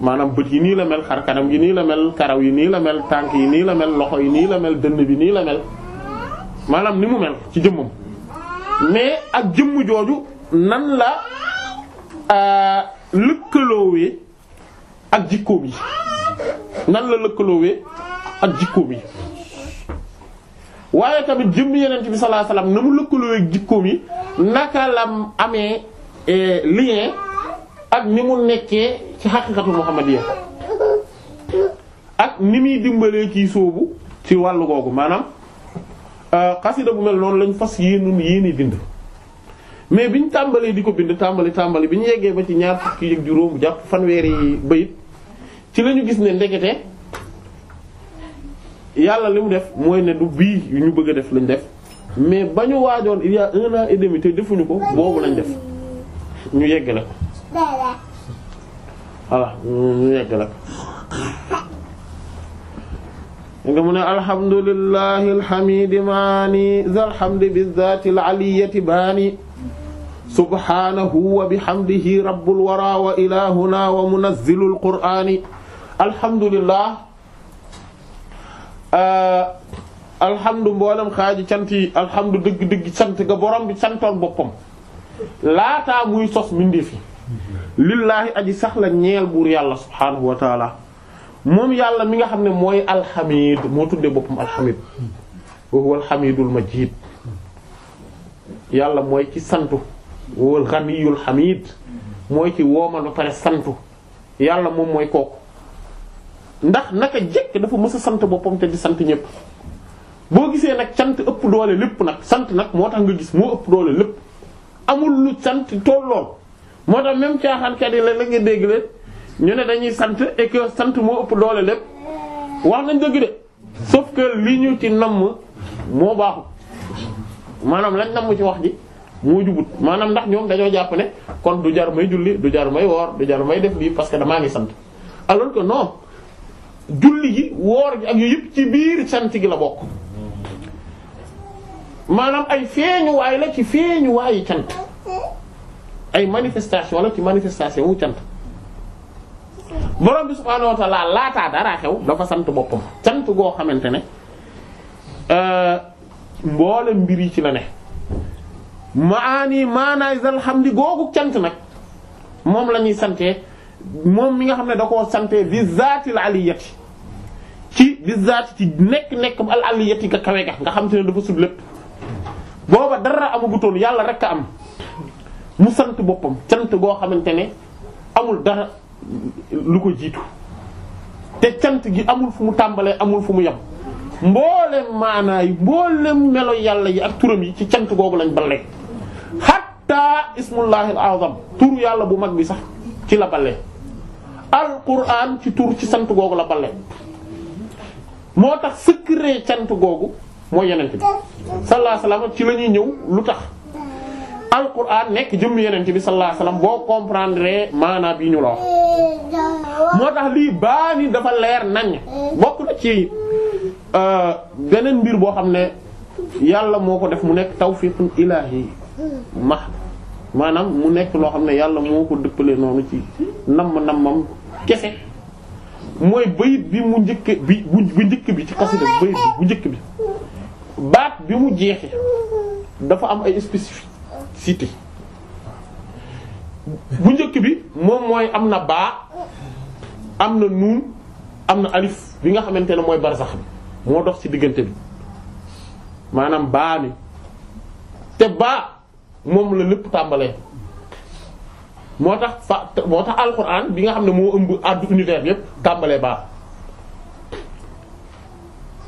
maanaam bët yi nii la mel xar kanam gi nii la mel karaw yi nii la mel tànk yi nii la mel loxo yi nii la mel dënn bi nii la mel maanaam ni mu mel ci jëmmam mais ak jëmm jooju nan la euh, lëkkaloowee ak jikkoom yi nan la lëkkaloowee ak jikkoom yi waaye tamit jëmm yeneen bi sallallahu alayhi wasallam na mu lëkkaloowee ak jikkoom yi naka la amee euh, lien ak ni mu nekkee ci xaqiiqatu muhammadiyya ak ni muy dimbalee kii soobu ci wàll googu maanaam Euh, xasida bu mel noonu lañ fas yéenun yéene bind mais bi ñu tàmbalee di ko bind tàmbali tàmbali bi ñu yeggee ba ci ñaar fukki yëg juróom jàpp fanweeri bayit ci lañu gis ne ndekete yàlla li mu def mooy ne du bii yu ñu bëgg a def lañ def mais ba ñu waajoon il y te defuñu ko boobu lañ def ñu yeggale ko voilà ñu yeggale ko nga mu ne alhamdulillahi alhamidi maani zal hamdi bizzaati aliyati baani subhaanahu wa bihamdihi rabbul wara wa ilahuna wa munazzilul qur'aani alhamdulillah uh, alhamdu mboolem xaaji cant yi alhamdu dëgg dëgg sant ga borom bi santoon boppam laataa muy sos mbindeef yi lillaahi aji sax la ñeel buur yàlla subhaanahu wa taala moom yàlla mi nga xam ne mooy alxamid moo tuddee boppam alxamid wa huwa alxamidul majid yàlla mooy ci santu wa huwa alxaniyul xamid mooy ci woomal ba pare santu yàlla moom mooy kooku ndax naka jekk dafa mës a sant boppam te di sant ñépp boo gisee nag sant ëpp doole lépp nag sant nag moo tax nga gis moo ëpp doole lépp amul lu sant tool lool moo tax même caaxaankat yi la nga dégg leen ñu ne dañuy sant et sant moo ëpp doole lépp wax nañ dëgg de sauf que li ñu ci namm moo baaxul maanaam lañ namm ci wax ji moo jubut maanaam ndax ñoom dañoo jàpp ne kon du jar may julli du jar may woor du jar may def lii parce que damaa ngi sant alors que non julli gi woor gi ak yu yëpp ci biir sant gi la bokk maanaam ay feeñuwaay la ci feeñuwaayu cant ay manifestation la ci manifestation wu cant borom bi subhaanahu wa laataa dara xew dafa sant boppam sant goo xamante ne euh, mboole mbir yi ci la ne maani maanaay zal hamdi cant nag moom la ñuy moom mi nga xam ne da koo sante bi zaatil aliyati ci bi zaati ci nekk nekk al aliyati ga kawe ga nga xam te ne dafa sut lépp booba dara yàlla rek am mu sant boppam sant goo xamante ne amul dara lu ko jiitu te cant gi amul fu mu tàmbalee amul fu mu yem mboolem maanaa yi mboolem melo yàlla yi ak turam yi ci cant googu lañ ballee xatta ismullahil azam tur yàlla bu mag bi sax ci la ballee alquran ci tur ci sant googu la ballee moo tax secret cant googu moo yenent bi sallallahu ci la ñëw lu tax alquran nekk jëmm yeneen bi sallallahu alayhi wasallam boo comprendre maanaam bi ñu la moo tax lii baa ni dafa leer nañ bokk na ci euh, beneen mbir boo xam ne yàlla moo ko def mu nekk tawfiqun ilahi max maanaam mu nekk loo xam ne yàlla moo ko dëppale noonu ci namm nammam kese mooy bayit bi mu njëkk bi bu njëkk bi ci xasida bayit bi bu njëkk bi baat bi mu jeexe dafa am ay spécifique cité bu njëkk bi moom mooy am na baa am na nuun am na alif bi nga xamante ne mooy barsax bi moo dox ci diggante bi maanaam baa mi te baa moom la lépp tàmbalee moo tax fa moo tax alxuraan bi nga xam ne moo ëmb àddu univers yépp tàmbalee baa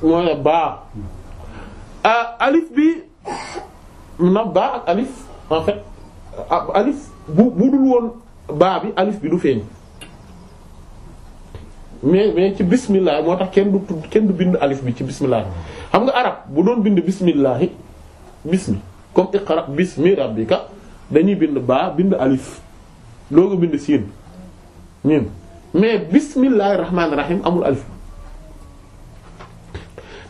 mooy baa ah, alif bi na baa ak alif en fait ah, alif bu bu dul woon baa bi alif bi du feeñ mais mais ci bismillah moo tax kenn du tudd kenn du bind alif bi ci bismillah xam nga arab bu doon bind bismillahi bismi comme iqra bismi rabbika dañuy bind baa bind alif loo nga bind siin ñun mais bismillahir rahmanir rahim amul alif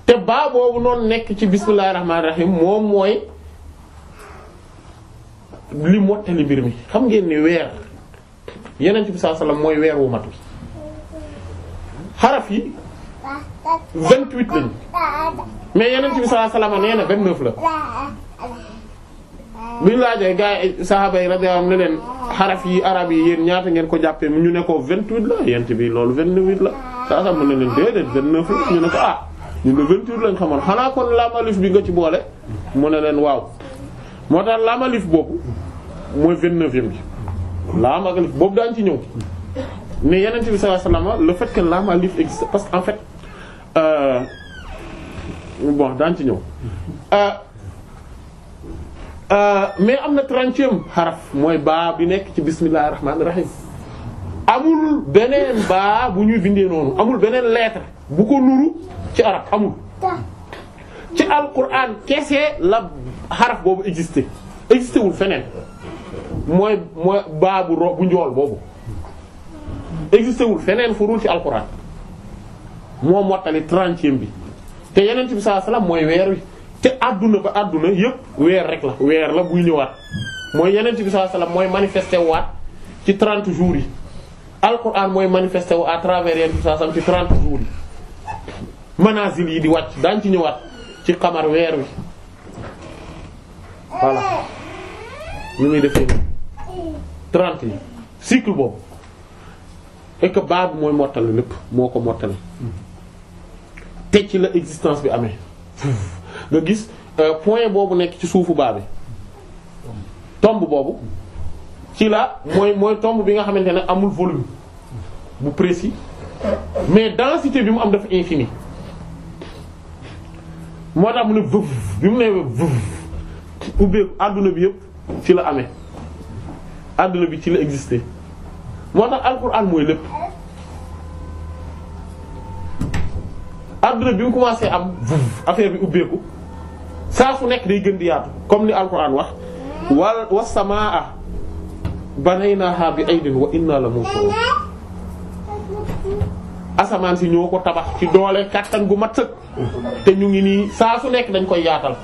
te baa boobu noonu nekk ci bismillahir rahmanir rahim moom mooy li mottali mbir mi xam ngeen ni weer yeneen ci bi saa salaam mooy weer wu mat bi xaraf yi vingt-huit lañ mais yeneen ci bi saa salaam nee na vingt-neuf la biñu gaa yi yi radiyallahu anhum ne leen xaraf yi arab yi yéen ñaata ngeen ko jàppee ñu ne ko vingt-huit la yent bi loolu vingt-huit la saa salaam ne leen déedéet vingt-neuf la ñu ne ko ah ñu ne vingt-huit lañ xamoon xanaa kon lamalif bi nga ci boole mu ne leen waaw moo tax lamalif boobu mooy vingt-neuvième bi laam ak alif boobu daañu ci ñëw mais yeneen bi sallallahu le fait que laam ak alif existe parce que en euh, ci ñëw euh, euh, mais am na trentième xaraf mooy baa bi nekk ci bismillahir rahmanir rahim amul beneen baa bu ñuy bindee noonu amul beneen lettre bu ko nuru ci arab amul ci alquran kese la xaraf boobu existé existé wul feneen mooy mooy baabu ro bu njool boobu existé wul feneen fu dul ci alxuraan moo mottali trentième bi te yeneen ci bi saa salaam mooy weer wi te àdduna ba àdduna yépp weer rek la weer la buy ñëwaat mooy yeneen ci bi saa salaam mooy manifesté waat ci trente jour yi alxuraan mooy manifesté wu à travers yeneen ci bi saa salaam ci trente jours yi manazil yi di wàcc daañ ci ñëwaat ci xamar weer wi voilà ni muy defee 30 yi cycle boobu et baa bi mooy mottali lépp moo ko mottali te ci la existence bi amee nga gis euh, point boobu nekk ci suufu baa bi tomb boobu ci la mooy mooy tomb bi nga xamante ne amul volume bu précis mais densité bi mu am dafa infini moo tax mu ne vëf bi mu ne vëf ubbeeku àdduna bi yëpp ci la amee àdduna bi ci la exister moo tax alxuraan mooy lépp àdduna bi mu commencé am affaire bi ubbeeku saa su nekk day gën di yaatu comme ni alxuraan wax wal was-samaa banaynaha bi aydin wa inna la muusi'uun asamaan si ñoo ko tabax ci doole kàttan gu mat sëkk te ñu ngi nii saa su nekk dañ koy yaatal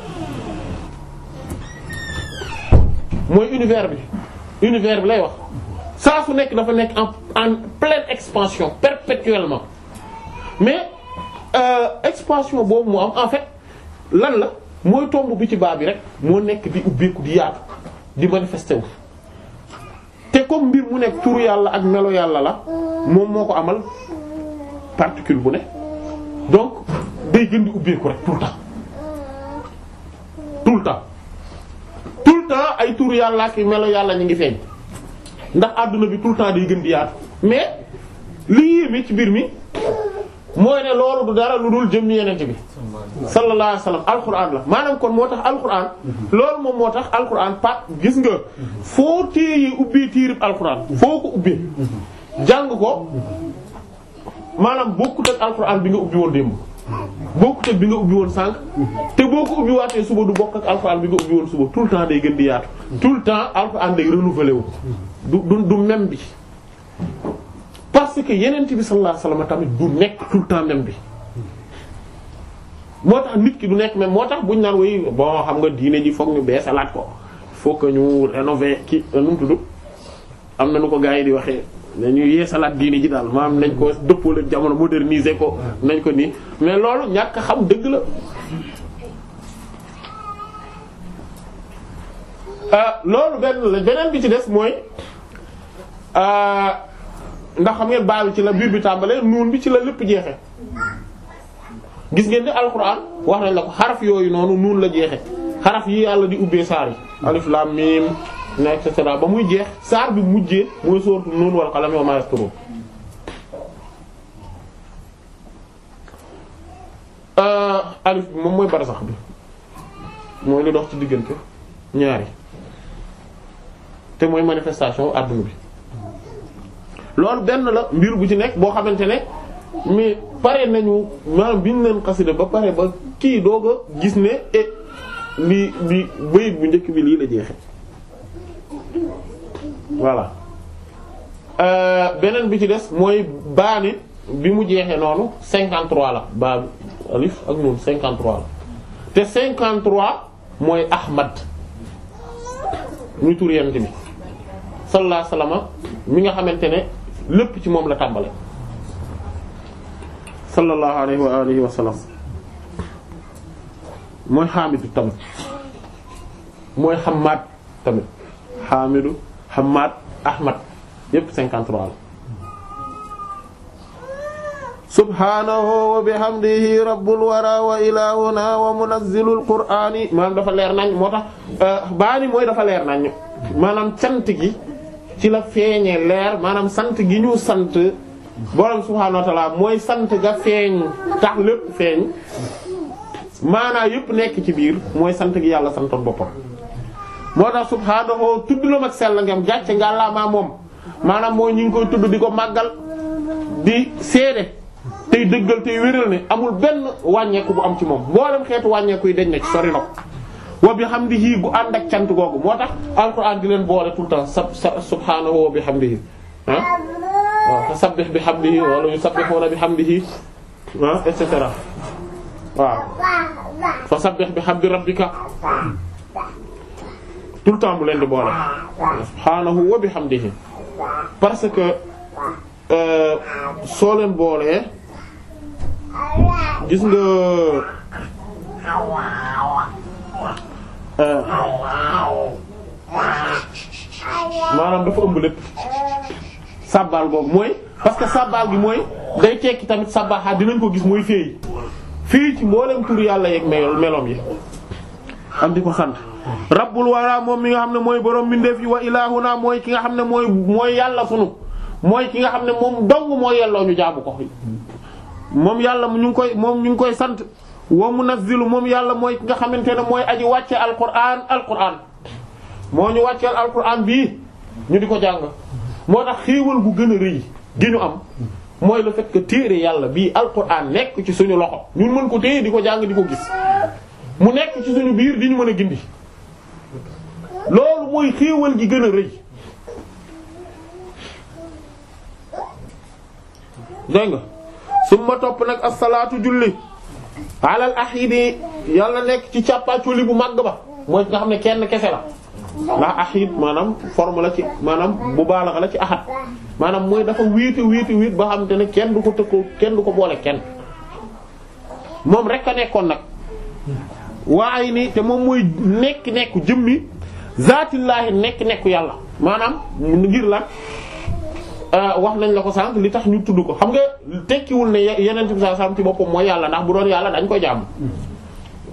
mooy univers bi univers bi lay wax saa su nekk dafa nekk en en pleine expansion perpétuellement mais euh, expansion boobu moo am en fait lan la mooy tomb bi ci baa bi rek moo nekk di ubbeeku di yaatu di manifesté wu. te comme mbir mu nekk turu yàlla ak melo yàlla la moom moo ko amal particule bu ne donc day gën di ubbeeku rek tout le temps ay tur yàlla ak melo yàlla ñu ngi feeñ ndax àdduna bi tout le temps day gën di yaatu mais li yéeme ci mbir mi mooy ne loolu du dara lu dul jëm yenente bi sallallahu alayhi wasallam alquran la maanaam kon moo tax alquran loolu moom moo tax alquran pat gis nga foo téye ubbee tiirib alquran foo ko ubbee jàng ko maanaam bokkut ak alquran bi nga ubbi woon démb bokkut ak bi nga ubbi woon sànq te boo ko ubbi waatee suba du bokk ak alxuraan bi nga ubbi woon suba tout le temps day gën di yaatu tout le temps alxuraan day renouvelé wu du du même bi parce que yeneen bi sallallahu alayhi wasallam tamit du nekk tout le temps même bi moo tax nit ki du nekk même moo tax buñ naan way bon xam nga diine ji fokk ñu beesalaat ko faut que ñu rénover ki nu mu tudd am na nu ko gaa yi di waxee nañu yeesalaat diini ji daal maanaam nañ ko dëppoo leen jamono moderniser ko nañ ko nii mais loolu ñàkk xam dëgg la ah, loolu benn la beneen bi ci des mooy ah, ndax xam ngeen baalu ci la biir bi tàmbalee nuun bi ci la lépp jeexe gis ngeen di alxuraan wax nañ la ko xaraf yooyu noonu nuun la jeexe xaraf yi yàlla di ubbee saar yi alif lam mim na et cetera ba muy jeex saar bi mujjee mooy sóortu Nuun wal qalami wa maa euh, alif bi moom mooy barsax bi mooy lu dox ci diggante ñaari te mooy manifestation àdduna bi loolu benn la mbir bu ci nekk boo xamante ne mais pare nañu maanaam biñ leen xasida ba pare ba kii doog a gis ne e lii lii bayit bu njëkk bi lii la jeexe voilà euh, beneen bi ci des mooy baani bi mu jeexee noonu 53 la baa alif ak noonu 53 la te 53 mooy Ahmad muy tur bi sallallahu alayhi wasallam nga xamante ne lépp ci moom la tàmbale sallallahu alayhi wa alihi wa sallam mooy xaamidu tamit mooy xamaat Hamidou Hamad Ahmad yépp 53 la subhaanahu wa bihamdihi rabbul wara wa ilaahuna wa munazzilul qur'ani maanaam dafa leer nañ moo tax euh, baani mooy dafa leer nañ maanaam sant gi ci la feeñe leer maanaam sant gi ñu sant borom subhaanahu wa mooy sant ga feeñ tax lépp feeñ maanaa yépp nekk ci biir mooy sant gi yàlla santoon boppam moo tax subhaanahu tudd la mag sell ngam gàcce nga laamaa moom maanaam mooy ñu koy tudd di ko màggal di seede tey dëggal tey wéral ne amul benn wàññeeku bu am ci moom mboolem xeetu wàññeeku yi dañ na ci sori bi xam wa bihamdihi gu ànd ak cant googu moo tax alxuraan di leen boole tout le temps sab subhaanahu wa bihamdihi ah waaw fa sabbih bihamdihi wala yusabbihuna bihamdihi ah et cetera waaw fa sabbih bihamdi rabbika tout le temps bu leen di boole subhaanahu wa bihamdihi parce que euh, soo leen boolee gis nga euh, maanaam dafa ëmb lépp sàbbaal boobu mooy parce que sàbbaal gi mooy day tekki tamit sàbbaaxaat dinañ ko gis mooy féey fii ci mboolem tur yàlla yeeg meloom yi am di ko xant rabbul wara moom mi nga xam ne mooy borom mbindeef yi wa ilahuna mooy ki nga xam ne mooy mooy yàlla sunu mooy ki nga xam ne moom dong moo yelloo ñu jaabu ko moom yàlla ñu ngi koy moom ñu ngi koy sant wa munazzilu moom yàlla mooy ki nga xamante ne mooy aji wàcce alquran alquran moo ñu wàcceel alquran bii ñu di ko jàng moo tax xéewal gu gën a rëy gi ñu am mooy la fait que téere yàlla bii alquran nekk ci suñu loxo ñun mën ko téye di ko jàng di ko gis mu nekk ci suñu biir di ñu mën a gindi loolu mooy xéewal gi gën a rëy dégg nga summa topp nag ab asalaatu julli alal axi bi yàlla nekk ci càppaaculi bu màgg ba mooy nga xam ne kenn kefe la ndax ahid maanaam forme la ci maanaam bu baalaxa la ci ahad maanaam mooy dafa wiiti wiiti wiit ba xam te ne kenn du ko tëkkoo kenn du ko boole kenn moom rek a nekkoon nag wa ay te moom mooy nekki nekku jëmmi zaatillaahi nekk nekku yàlla maanaam ngir lan euh, wax nañ la ko sànq li tax ñu tudd ko xam nga tekkiwul ne yeneen bi saa sànq ci boppam mooy yàlla ndax bu doon yàlla dañ ko jàmm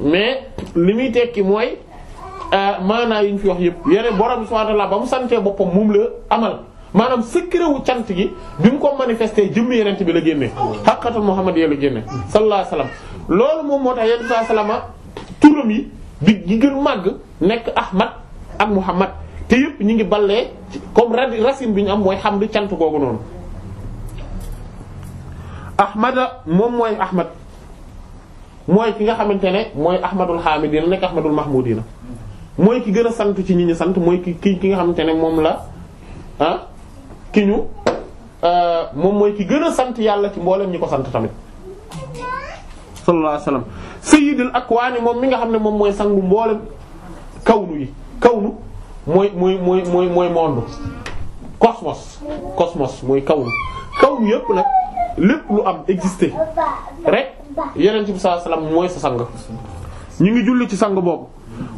mais li muy tekki mooy euh, maanaa yi ñu fi wax yëpp yeneen borom subhaanahu wa ta'aala ba santee boppam moom la amal maanaam sëkkërewu cant gi bi mu ko manifesté jëmm yenent bi la génnee xaqatul Muhammad yee la génne sallallahu alayhi wasallam loolu moom moo tax yenn saa salama turam yi bi gi gën màgg nekk Ahmad ak Muhammad te yépp ñu ngi ballee comme racine bi ñu am mooy xam hamd cant googu noonu Ahmada moom mooy Ahmad mooy ki nga xamante ne mooy Ahmadul Hamidina nekk Ahmadul Mahmudina mooy ki gën a sant ci ñi ñu sant mooy ki ki ki nga xamante ne moom la ah ki ñu euh, moom mooy ki gën a sant yàlla ci mboolem ñi ko sant tamit sallallahu alayhi wasallam sayyidul akwaani moom mi nga xam ne moom mooy sangu mboolem kawnu yi kawnu mooy mooy mooy mooy mooy monde cosmos kaw mooy yépp nag lépp lu am exister rek yonent bi sallallahu alayhi wasallam mooy sa sang ñu ngi julli ci sang boobu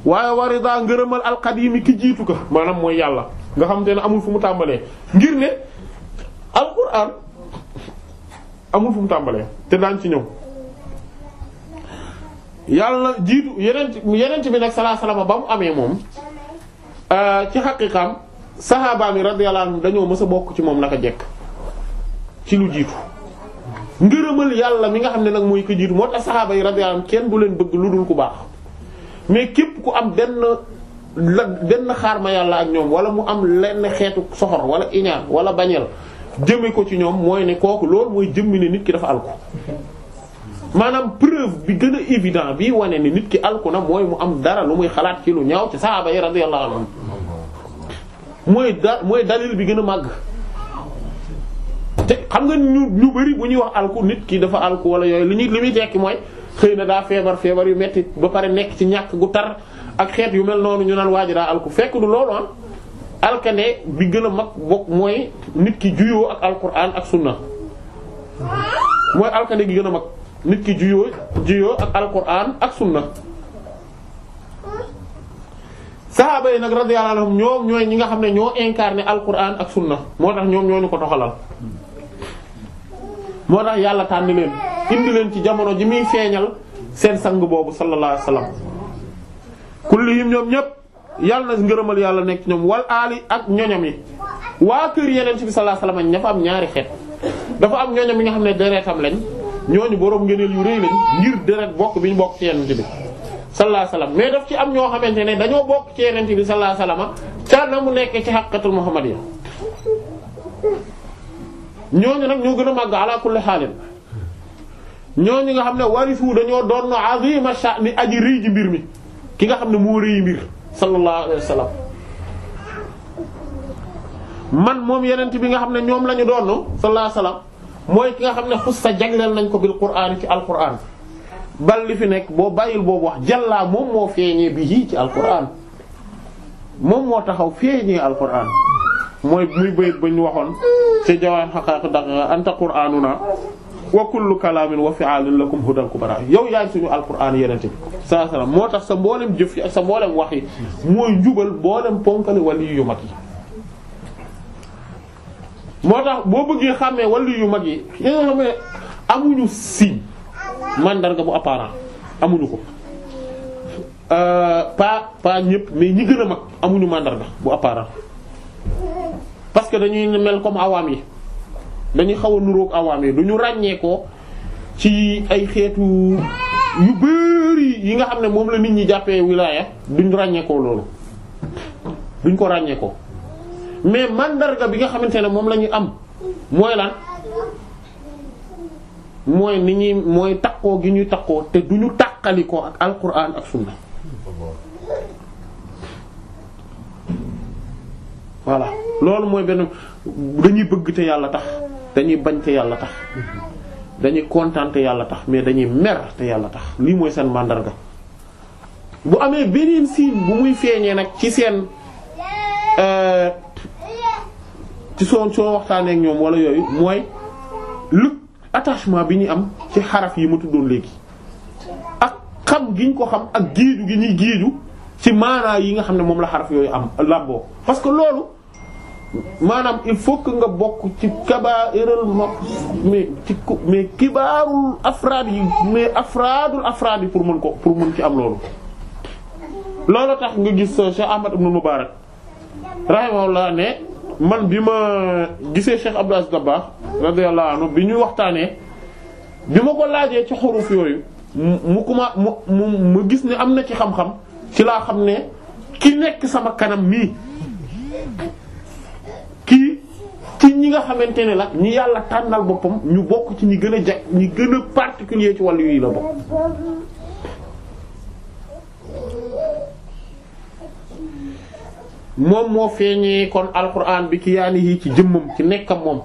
waaye warida ngërëmal alqadimi ki jiitu ko maanaam mooy yàlla nga xam te ne amul fu mu tàmbalee ngir ne alquran amul fu mu tàmbalee te daan ci ñëw yàlla jiitu yeneen yeneen bi nag sallallahu alayhi wasallam ba mu amee moom euh, ci xaqiiqam saxaabaam yi radiyallahu anhum dañoo mës a bokk ci moom naka jekk ci lu jiitu ngërëmal yàlla mi nga xam ne nag mooy ko jiitu moo tax saxaaba yi radiyallahu anhum kenn du leen bëgg lu dul ku baax mais képp ku am benn la benn xaar ma yàlla ak ñoom wala mu am lenn xeetu soxor wala iñaan wala bañeel jëme ko ci ñoom mooy ne kooku loolu mooy jëmmi ne nit ki dafa alku maanaam preuve bi gën a évident bi wane ni nit ki alku na mooy mu am dara lu muy xalaat ci lu ñaaw ci sahaaba yi radiyallahu anhum mooy da mooy dalil bi gën a màgg te xam nga ñu ñu bari bu ñuy wax alku nit ki dafa alku wala yooyu li ñuy li muy tekki mooy xëy na daa feebar feebar yu metti ba pare nekk ci ñàkk gu tar ak xeet yu mel noonu ñu naan waa ji daa alku fekk du loolu am ah. alkane bi gën a mag bokk mooy nit ki juyoo ak alquran ak sunna mooy alkane gi gën a mag nit ki juyoo juyoo ak alquran ak sunna saxaaba yi nag radiyallahu anhum ñi nga xam ne ñoo incarné alquran ak sunna moo tax ñoom ñoo ñu ko toxalal moo tax yàlla tànn leen indi leen ci jamono ji muy feeñal seen sang boobu sallallahu alayhi wasallam kullihim ñoom ñépp yàlla na ngërëmal yàlla nekk ñoom wal aali ak ñoñam yi waa kër yeneen ci bi sallallahu alayhi wasallam ña fa am ñaari xeet dafa am ñoñam yi nga xam ne deretam lañ ñooñu borom ngëneel yu rëy lañ ngir deret bokk bi ñu bokk ci yenent bi sallallahu alayhi wasallam mais daf ci am ñoo xamante ne dañoo bokk ci yenent bi sallallahu alayhi wasallam ca mu nekkee ci haqqatul muhammadiyya ñooñu nag ñoo gën a màgg ala kulli xaalin ñooñu nga xam ne warisu dañoo doon azima sha'ni aji rëy ji mbir mi ki nga xam ne moo rëy mbir sallallahu alayhi man moom yenent bi nga xam ne ñoom la doon sallallahu alayhi mooy ki nga xam ne sa jagleel nañ ko bil qur'aan ci alqur'aan bal li fi nekk boo bàyyil boobu wax jàllaa moom moo feeñee bi ci alqur'aan moom moo taxaw feeñee alqur'aan mooy muy bayit ba ñu waxoon ci jawaan xaqaaq daqa anta qur'aanuna wa kullu kalaamin wa fi'aalin lakum hudal kubara yow yaay suñu alqur'aan yenente bi sallallahu alayhi wasallam moo tax sa mboolem jëf yi ak sa mboolem wax yi mooy njubal mboolem ponkali wali yu mat yi moo tax boo bëggee xàmmee wàllu yu mag yi yi nga xam ne amuñu signe mandarga bu apparent amuñu ko euh, pas pas ñëpp mais ñi gën a mag amuñu mandarga bu apparent parce que dañuy mel comme awaam yi dañuy xaw a nuroog awaam du ñu ràññee ko ci ay xeetu yu bari yi nga xam ne moom la nit ñi jàppee wilaaya duñ ràññee ko loolu duñ ko ràññee ko mais màndarga bi nga xamante ne moom lañuy am mooy lan mooy ni ñuy mooy takkoo gi ñuy takkoo te du ñu takkalikoo ak alquran ak sunna voilà loolu mooy benn dañuy bëgg te yàlla tax dañuy bañ te yàlla tax dañuy kontaan te yàlla tax mais dañuy mer te yàlla tax lii mooy seen mandarga bu amee beneen signe bu muy feeñee nag ci seen euh, ci soo soo waxtaanee ñoom wala yooyu mooy lu attachement bi ñu am ci xaraf yi ma tuddoon léegi ak xam gi ñu ko xam ak géeju gi ñuy géeju ci maanaa yi nga xam ne moom la xaraf yooyu am làmboo parce que loolu maanaam il faut que nga bokk ci kabaa'iral mais ci mais kibaarul afraad yi mais afraadul afraad yi pour mën ko pour mën ci am loolu loolu tax nga gis Cheikh Ahmad ibn Mubarak rahimahullah ne man bi ma gisee Cheikh Abdou Aziz Dabakh radiyallahu anhu bi ñu waxtaanee bi ma ko laajee ci xuruf yooyu mu kuma mu mu gis ni am na ci xam-xam ci laa xam ne ki nekk sama kanam mii kii ci ñi nga xamante ne la ñi yàlla tànnal boppam ñu bokk ci ñi gën a jag ñi gën a particulier ci wàllu yi la bokk moom moo feeñee kon alquran bi ki yaani yi ci jëmmam ci nekkam moom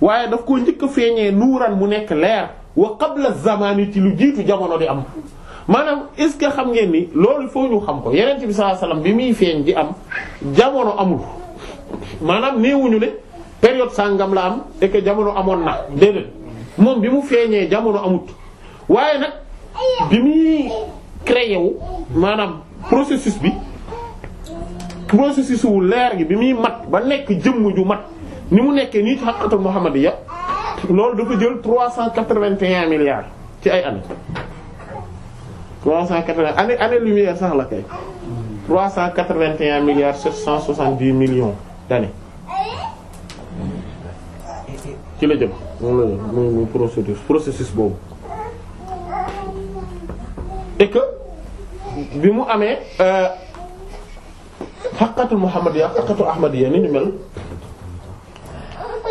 waaye daf koo njëkk a feeñee nuuran mu nekk leer wax wa qabla zamani ci lu jiitu jamono di am maanaam est ce que xam ngeen ni loolu foo ñu xam ko yeneen bi sallallahu alayhi wasallam bi muy feeñ am jamono amul maanaam néewuñu ne période sàngam la am et que jamono amoon na déedéet moom bi mu feeñee jamono amut waaye nag bi muy créé maanaam procesus bi processus wu leer bi muy mat ba nekk jëmm ju mat ni mu nekkee nii ci xaqiqatul muhammadiyya loolu dafa jël trois cent quatre-vingt-un milliards ci ay années trois cent quatre-vingt année année la kay trois cent quatre-vingt-un milliards sept cent soixante-dix millions d'années ci la jëm moom la jëm mooy processus processus boobu et bi mu amee. Euh, xaqatul muhammadiya xaqatul ahmadiya ni ñu mel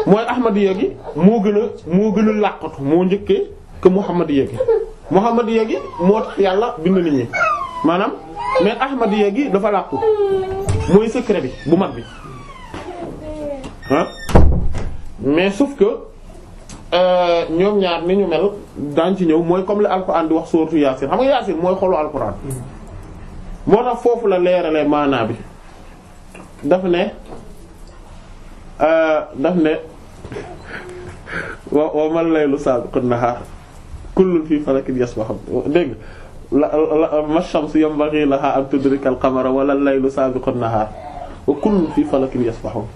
mooy ahmadiya gi moo gën a moo gën a làqatu moo njëkkee que muhammadiya gi muhammadiya gi moo tax yàlla bind nit ñi maanaam mais ahmadiya gi dafa làqu mooy secret bi bu mag bi mais sauf que euh, ñoom ñaar ni ñu mel daan ci ñëw mooy comme le alxuraan di wax sourate Yaasin xam nga Yaasin mooy xolu alxuraan moo tax foofu la leeralee maanaa bi daf ne euh, daf ne wa wa mal laylu saabiqun nahaar kullun fii falakin yasbahun dégg la la ma shamsu yanbaghi laha an tudrika al qamara wala laylu saabiqun nahaar wa kullun fii falakin yasbahun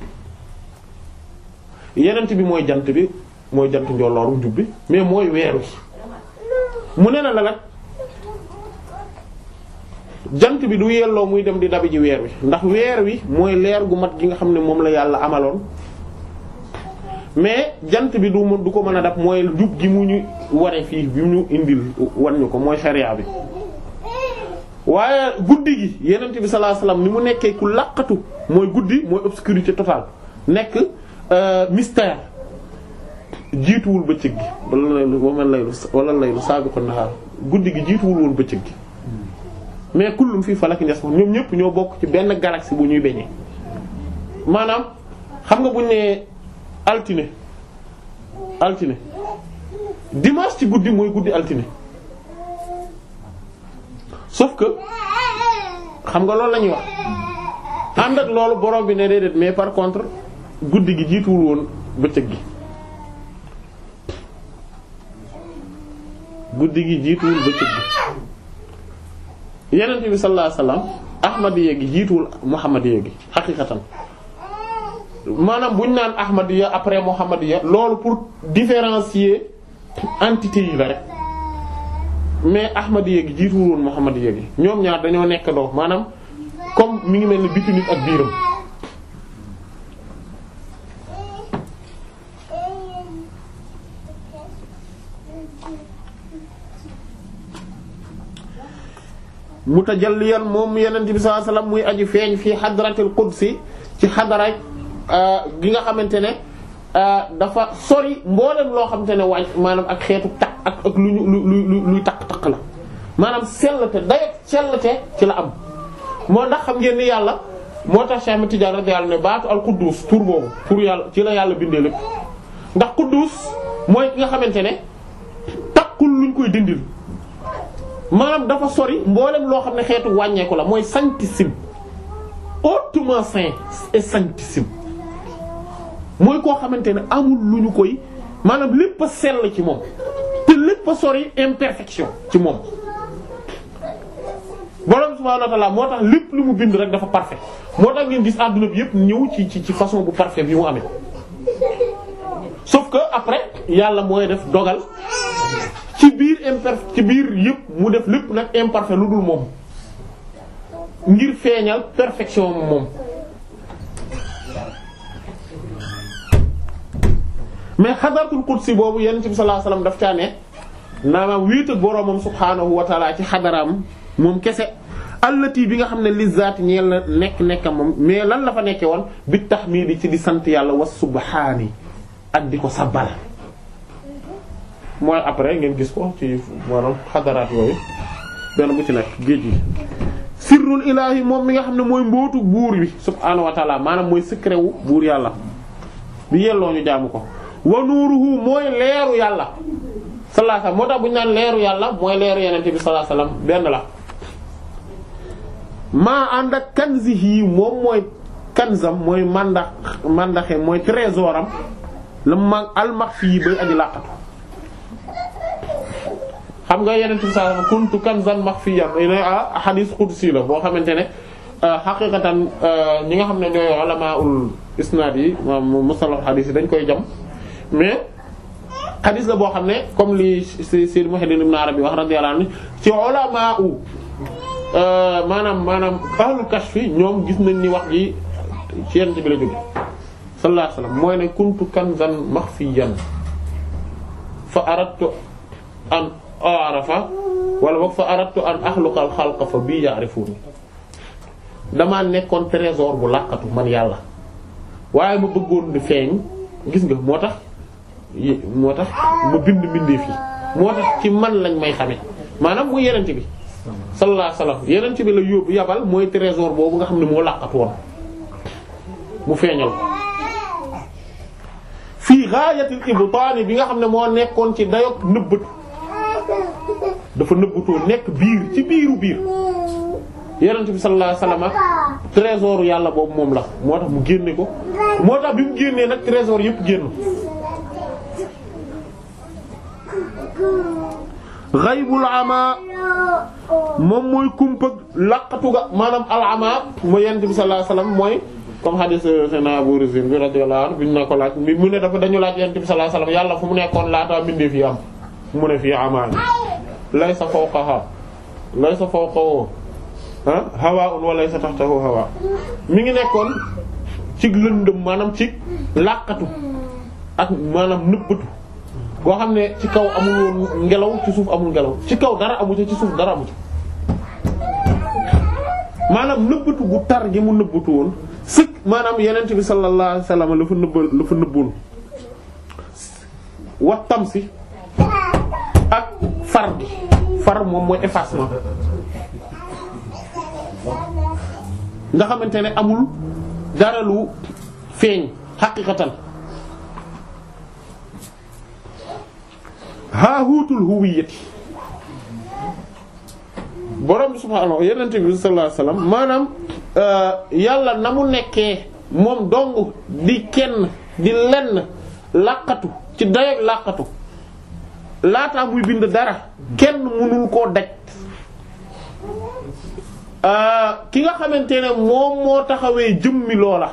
yenent bi mooy jant bi mooy jant njolooru jub bi mais mooy weer wi mu ne la nag jant bi du yelloo muy dem di dabi ji weer wi ndax weer wi mooy leer gu mat gi nga xam ne moom la yàlla amaloon mais jant bi du du ko mën a dab mooy jub gi mu ñu ware fii bi mu ñu indil wan ñu ko mooy sharia bi waaye guddi gi yenent bi sallallahu ni mu nekkee ku laqatu mooy guddi mooy obscurité totale nekk euh, mystère jiituwul bëccëg gi wala laylu wala laylu sabiqun nahar guddi gi jiituwul woon bëccëg gi mais kullum fii falakin yasbahun ñoom ñëpp ñoo bokk ci benn galaxie bu ñuy beñee maanaam xam nga bu ne altine altine dimanche ci guddi mooy guddi altine sauf que xam nga loolu lañuy ñuy wax ànd ak loolu borom bi ne déedéet mais par contre guddi gi jiituwul woon bëccëg gi guddi gi jiituwul bëccëg gi yeneen bi sallallahu alayhi wasallam ahmadiyya gi jiituwul muhammadiyya gi xaqiqatan maanaam bu ñu naan ahmadiyya après muhammadiyya loolu pour différencier entité yi la rek mais ahmadiyya gi jiituwul woon muhammadiyya gi ñoom ñaar dañoo nekk doo maanaam comme mu ngi mel ni bitu nit ak biiram. mutajalliyan moom yenente bi sallallahu alayhi wasallam muy aji feeñ fii hadratil qudsi ci xadara ah, gi nga xamante ne ah, dafa sori mboolem loo xamante ne waaj maanaam ak xeetu takk ak ak lu ñu lu luy takk takk la maanaam sellate dayet sellate ci la am moo ndax xam ngeen yàlla moo tax Cheikh Ahmed yàlla radiyallahu anhu ne baatu al quddus tur boobu tur yàlla ci la yàlla bindee lépp ndax quddus mooy ki nga xamante ne takkul luñ koy dindil maanaam dafa sori mboolem loo xam ne xeetu wàññeeku la mooy sanctissime hautement saint et sanctissime mooy koo xamante ne amul lu ñu koy maanaam lépp a sell ci moom te lépp a sori imperfection ci moom borom subhaanahu wa ta'aala moo tax lépp lu mu bind rek dafa parfait moo tax ngeen gis àdduna bi yépp ñëw ci ci ci façon bu parfait bi mu amee sauf que après yàlla mooy def dogal ci biir imparfait ci biir yëpp mu def lépp nag imparfait lu dul moom ngir feeñal perfection moom mais xadaratul qudsi boobu yenn ci bi sallallahu alayhi wasallam daf caa ne naamaam wéet ak boroomam subhaanahu wa taala ci xadaraam moom kese allati bi nga xam ne lizaati ñeel la nekk nekkam moom mais lan la fa nekke woon bi tahmidi ci di sant yàlla wa subhaani ak di ko sabbal mooy après ngeen gis ko ci maanaam xadaraat yooyu benn bu ci nekk géej gi sirrul ilaahi moom mi nga xam ne mooy mbootu buur bi subhaanahu wa maanaam mooy secret wu buur yàlla bi yelloo ñu jaamu ko wa nuuruhu mooy leeru yàlla sallallahu moo tax bu ñu naan leeru yàlla mooy leeru yeneen bi sallallahu benn la maa ànd ak kanzihi moom mooy kanzam mooy mandax mandaxe mooy trésoram la mag almax fii bay aji làqatu xam nga yeneen bi sallallahu alayhi wasallam kuntu kanzan maxfiyan a ah, hadith la boo xamante ne xaqiqatan ah, ah, ñi nga xam ne ñooy ulamaul isnad yi moom mustalah hadith dañ koy jam mais hadith boo xam ne comme li Sayyid Muhammad ibn wax radiyallahu anhu ci ulama u maanaam maanaam ahlul kashf ñoom gis nañ ni wax ji ci yenn bi la jóge sallallahu mooy ne kuntu kanzan maxfiyan fa aradtu an arafa wala boog fa aradtu an axluqal xalqa fa bii ya'rifuni damaa nekkoon trésor bu làqatu man yàlla waaye ma bëggoon di feeñ gis nga moo tax moo tax ma bind mbindeef yi moo tax ci man lañ may xamee maanaam muy yenent bi sallallahu alayhi wasallam yenent bi la yóbbu yabal mooy trésor boobu nga xam ne moo làqatu woon mu feeñal ko fii gaayatil ibtaani bi nga xam ne moo nekkoon ci dayok nëbbatu dafa nëbbutoo nekk biir ci biiru biir yonent bi salaa alayhi wasallam trésor yàlla boobu moom la moo tax mu génne ko moo tax bi mu génnee nag trésor yépp génn ghaybul ama moom mooy kumpag laqatu ga maanaam al ama mooy bi sallallahu alayhi mooy comme hadith sayna Abu Rizin bi radiyallahu anhu bi ko laaj mu ne dafa dañu bi nekkoon laataa mbindeef yi am mu ne fii amaani laysa fawqaha laysa fawqahu ah hawaa'un wa laysa tahtahu hawa mi ngi nekkoon ci lëndëm maanaam ci làqatu ak maanaam nëbbatu goo xam ne ci kaw amul ngelaw ci suuf amul ngelaw ci kaw dara amu ci suuf dara amu ci maanaam nëbbatu gu tar gi mu nëbbatu woon sëkk maanaam yenent bi sallallahu alayhi wasallam la fa nëbb la fa nëbboon wa tamsi far gi far moom mooy effacement nga xamante ne amul dara lu feeñ xaqiqatan haahuutul huwiyyati boroom bi subhaanahu yonent bi sallallahu alayhi wasallam maanaam euh, yàlla na mu nekkee moom dong di kenn di lenn làqatu ci dayoog làqatu laata muy bind dara kenn mënul koo daj euh, ki nga xamante ne moom moo taxawee jëmmi la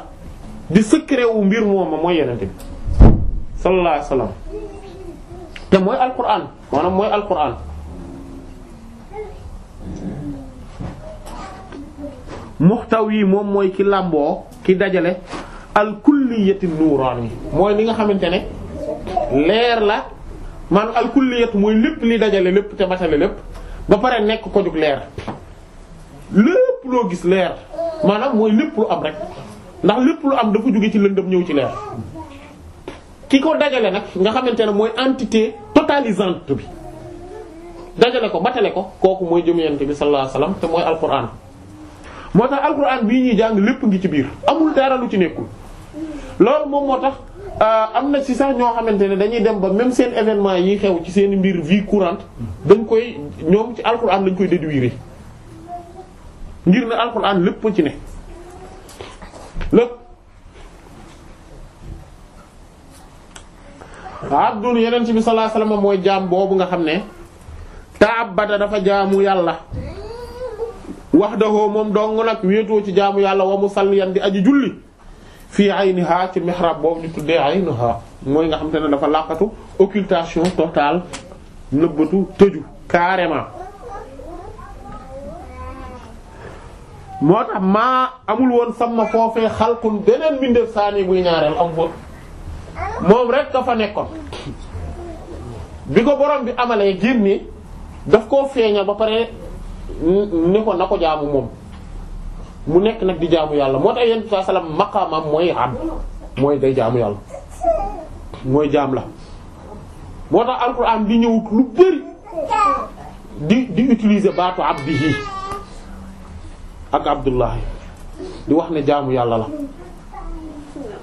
di secret wu mbir mooma mooy yenente bi sallallahu alayhi wasallam te mooy alquran maanaam mooy alquran muxtaw yi moom mooy ki làmboo ki dajale al kulliyati nuuraan yi mooy li nga xamante ne leer la man al kulliyatu mooy lépp li dajale lépp te matale lépp ba pare nekk ko jug leer lépp loo gis leer maanaam mooy lépp lu am rek ndax lépp lu am dafa jóge ci lëndëm ñëw ci leer ki ko dajale nag nga xamante ne mooy entité totalisante bi dajale ko matale ko kooku mooy jëmuyante bi sallallahu alayhi te mooy alquran moo tax alquran bii ñuy jàng lépp ngi ci biir amul dara lu ci nekkul loolu moom moo tax. Euh, am na ci sax ñoo xamante ne dañuy dem ba même seen événement yi xew ci seeni mbir vie courante dañ koy ñoom ci alxuraan lañ koy déduire ngir ne alxuraan lépp ci ne lépp abdun yeneen ci bi sallallahu alayhi mooy jaam boobu nga xam ne taabada dafa jaamu yàlla wax wahdahu moom dong nag wéetoo ci jaamu yàlla wa yan di aji julli fii ayniha ci mihrab boobu ñu tuddee ayniha mooy nga xam te ne dafa làqatu occultation totale nëbbatu tëju carrément moo tax maa amul woon sama foofee xalkun beneen mbindeef saani buy ñaareel am fa moom rek dafa nekkoon bi ko borom bi amalee génne daf koo feeña ba pare ne ko na ko jaamu moom mu nekk nag di jaamu yàlla moo tax yonent bi sallam maqaamam mooy abd mooy day jaamu yàlla mooy jaam la moo tax alxuraan di ñëwut lu bari di utilise utiliser baatu abdihi ak abdullahi di wax ne jaamu yàlla la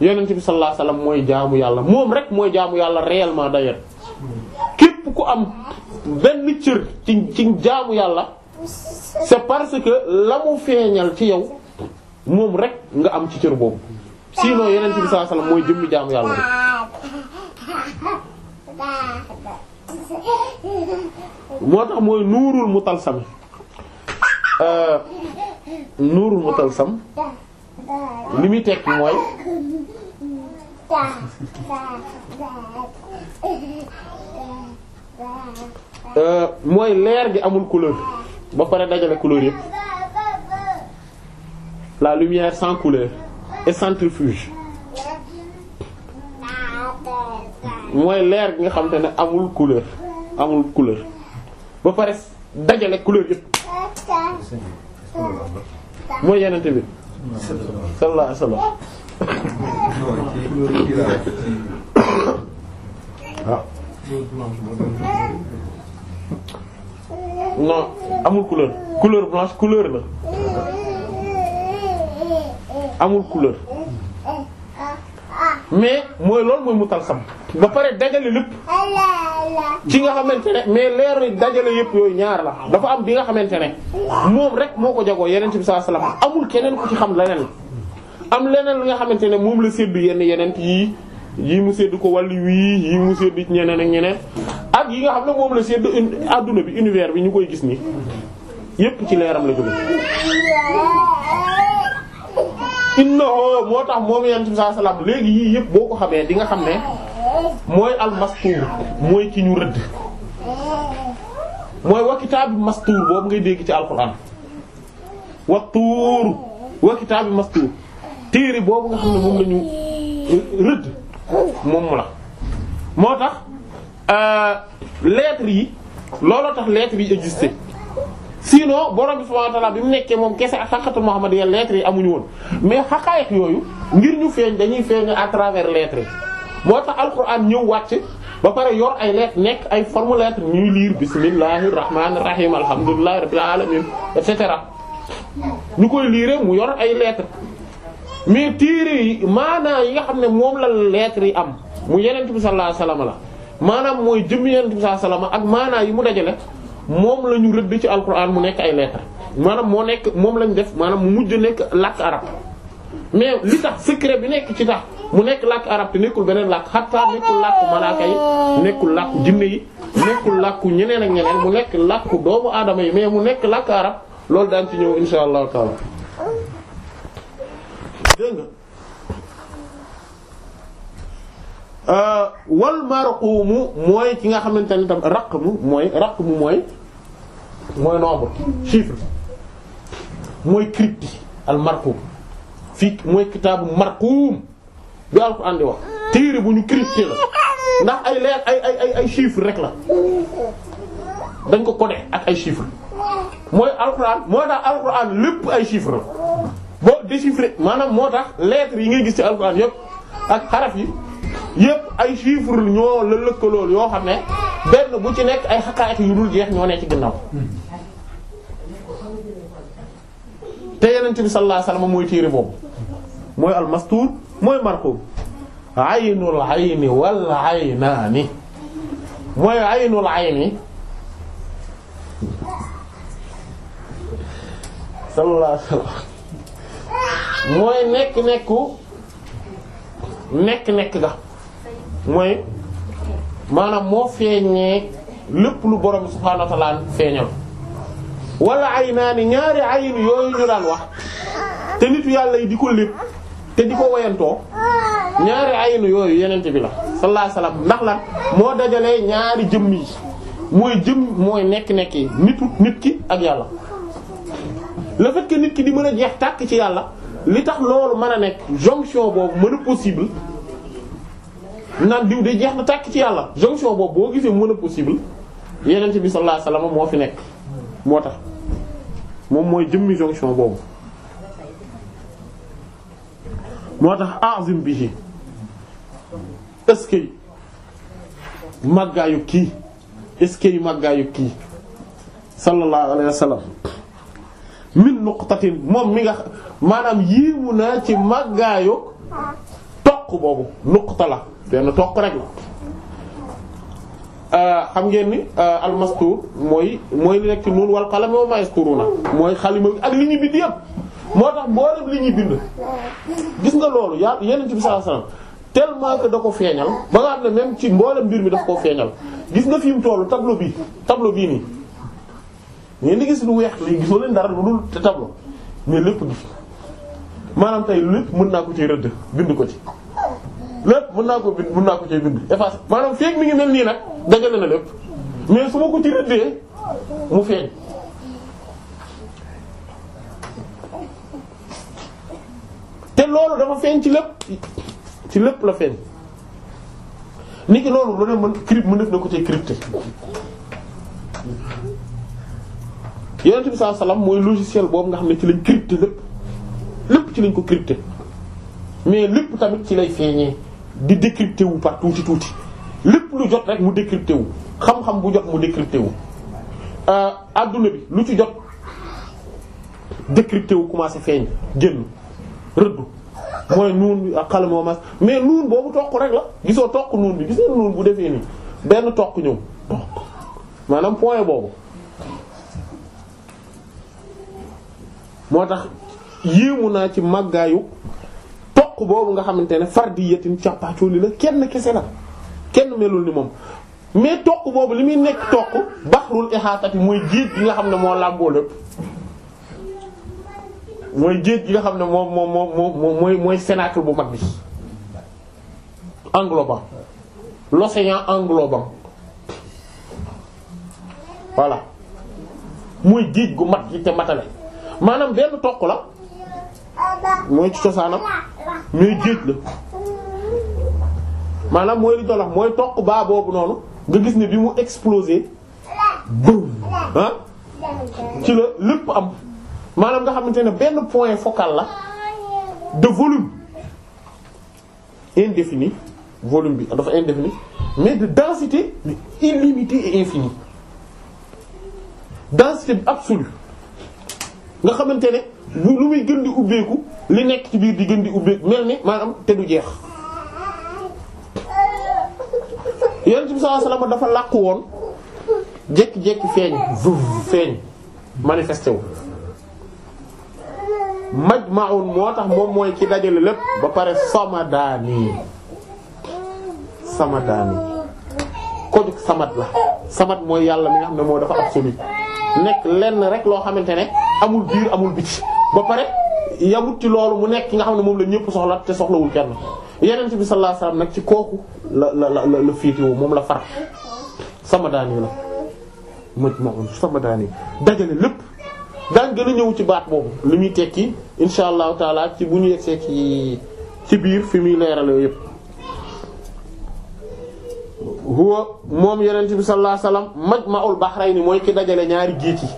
yonent bi sallallahu alayhi wasallam mooy jaamu yàlla moom rek mooy jaamu yàlla réellement d'ailleurs képp ku am benn cër ci ci jaamu yàlla c'est parce que la mu feeñal ci yow moom rek nga am ci cër boobu sinon yeneen ci bi mooy jëmmi jaamu yàlla rek moo tax mooy nuurul mutalsam euh, nuurul mutalsam li muy tekki mooy euh, mooy leer bi amul couleur ba pare dajale couleur yëpp la lumière sans couleur et centrifuge mooy leer gi nga xam te ne amul couleur amul couleur ba pare dajale couleur yëpp mooy yenente bi sallallahu alayhi non amul couleur couleur blanche couleur la amul couleur mais mooy loolu mooy mu talsam ba pare dajale lépp ci nga xamante ne mais leer dajale yëpp yooyu ñaar la dafa am bi nga xamante ne moom rek moo ko jagoo yeneen bi sallallahu alayhi wasallam amul keneen ku ci xam leneen am leneen li nga xamante ne moom la séddu yenn yeneen yii yii mu sédd ko wàllu wii yii mu sédd ñeneen ak ñeneen ak yi nga xam ne moom la sédd adduna bi univers bi ñu koy gis nii yépp ci leeram la jóge innahu moo tax moom yam ci saa salaam léegi yii yëpp boo ko xamee di nga xam ne mooy almastuur mooy ki ñu rëdd mooy wa kitaabi boobu ngay dégg ci alxuraan wa tuur wa kitaabi boobu nga xam ne moom lañu rëdd moom mu la moo tax euh, lettres yi looloo tax lettres yi existé sinon borom bi subhanahu wa ta'ala bi mu nekkee moom kese ak xaqatu Muhammad ya leetre yi amuñu woon mais xaqaayiq yooyu ngir ñu feeñ dañuy feeñ à travers lettres yi moo tax alquran ñëw wàcc ba pare yor ay lettres nekk ay forme lettres ñuy liir bismillahi rahmaani rahim alhamdulillahi rabbil alamin et cetera ñu koy liire mu yor ay lettres mais téere yi maanaa yi nga xam ne moom la lettre yi am mu yeneen bi sallallahu alayhi wasallam la maanaam mooy jëm yenent bi sallallahu alayhi wasallam ak maanaa yi mu dajale moom la ñu rëdd ci alquran mu nekk ay lettre maanaam moo nekk moom lañ def maanaam mu mujj nekk làkk arab mais li tax secret bi nekk ci tax mu nekk làkk arab te nekkul beneen làkk xataa nekkul làkku malaaka yi nekkul làkku jinne yi nekkul làkku ñeneen ak ñeneen mu nekk làkku doomu aadama yi mais mu nekk làkk arab loolu daan ci ñëw insha allahu taala dégg nga euh, wal marqumu mooy ki nga xamante ne tam raqmu mooy raqmu mooy mooy nombre chiffre mooy crypti al marqum fii mooy kitaabu marqum bi Alxuraan di wax téere bu ñu crypté la ndax ay leer ay ay ay rek la dañ ko codé ak ay chiffres mooy Alxuraan mooy daal Alxuraan lépp ay chiffres la boo déchiffrer maanaam moo tax lettres yi ngay gis ci alxuraan yëpp ak xaraf yi yëpp ay chiffres ñoo la lëkkalool yoo xam ne benn bu ci nekk ay xaqaa'iq yu dul jeex ñoo ne ci ginnaaw te yenent bi sallallahu alayhi wasallam mooy téere boobu mooy almastuur mooy marquub aynul ayni wal aynaani mooy aynul ayni sallallahu alayhi wasallam mooy nekk nekku nekk nekk ga mooy maanaam moo feeñee lépp lu borom subhaanahu wa feeñal wala ay naa ni ñaari ayin yooyu ñu daan wax te nitu yàlla yi di ko lépp te di ko woyantoo ñaari ayinu yooyu yenente bi la sallallahu alayhi ndax lan moo dajalee ñaari jëmm yi mooy jëmm mooy nekk-nekk nitu nit ki ak yàlla le fekk que nit ki di mën a jeex tàkk ci yàlla li tax loolu mën a nekk jonction boobu mën a possible naan diw de jeex na tàkk ci yàlla jonction boobu boo gisee mën a possible yeneen bi sallallahu alayhi wasallam moo fi nekk moo tax moom mooy jëmmi jonction boobu moo tax azim bihi est-ce que màggaayu kii sk ce que màggaayu kii sallallahu alayhi wasallam nuqtati moom mi nga maanaam yéemu naa ci màggaayu toq boobu nuqta la benn toq rek la. Euh, xam ngeen ni euh, almastur mooy mooy li nekk ci nuun wal qalam wa ma yasturuna mooy xalima ak li ñu bind yëpp moo tax mboolem li ñuy bind gis nga loolu yaa yeneen ci bi sallallahu alayhi tellement que da ko feeñal ba nga xam ne même ci mboolem mbir mi daf koo feeñal gis nga fi mu tollu tableau bi tableau bii nii. ngeen di gis lu weex li gisoo leen dara lu dul te tableau mais lépp gis maanaam tey lépp mën naa ko ci rëdd bind ko ci lépp mën naa ko bind mën naa ko ci mi ngi mel nii nag dajale mais su ko ci rëddee mu feeñ te loolu dafa feeñ ci lépp ci lépp la feeñ ki loolu lu ne mën crypte mën def na ko ci crypté yonent bi sallallahu alayhi wasallam mooy logiciel boobu nga xam ne ci lañ crypté lépp lépp ci lañ ko crypté mais lépp tamit ci lay feeñee di décrypté wu par tuuti tuuti lépp lu jot rek mu décrypté wu xam-xam bu jot mu décrypté wu. Euh, adduna bi lu ci jot décrypté wu commencé feeñ génn rëddu mooy nuun ak xalam moo mas mais nuun boobu toq rek la gisoo toq nuun bi gisoo nuun bu defee nii benn toq ñëw toq maanaam point boobu. moo tax yéemu naa ci màggaayu toq boobu nga xamante ne far di yetin càppaacooli la kenn kese la kenn melul ni moom mais toq boobu li muy nekk toq baxrul ihaatati mooy géej gi nga xam ne moo làmboo lépp mooy géej gi nga xam ne moom moom moom moo mooy mooy cénacle bu mag bi englobant l'océan englobant voilà mooy géej gu mat gi te matale maanaam benn toq la mooy ci cosaanam muy géej la maanaam mooy li doon mooy toq baa boobu noonu nga gis ni bi mu explosé boum ah ci la lépp am maanaam nga xamante ne benn point focal la de volume indéfini volume bi dafa indéfini mais de densité illimitée et infinie densité absolue nga xamante ne bu lu muy gën di ubbeeku li nekk ci biir di gën di ubbeeku mel ni maanaam te du jeex yonent bi sallallahu alayhi wasallam dafa làqu woon jékki-jékki feeñ feeñ manifesté wu majma'un moo tax moom mooy ci dajale lépp ba pare samadaani samadaani kojug samat la samat mooy yàlla mi nga xam ne moo dafa absolu nekk lenn rek loo xamante ne amul biir amul biti ba pare yamut ci loolu mu nekk ki nga xam ne moom la ñëpp soxla te soxlawul kenn yeneen bi sallallahu alayhi nag ci kooku la la la la fiitiwu moom la far sama daani la maj moom sama daani dajale lépp daan ñëw ci boobu li muy tekki insha allahu taala ci bu ñu yegsee ci ci biir fi muy yépp moom yeneen bi sallallahu alayhi wasallam majma'ul bahrayni mooy ki dajale ñaari géej yi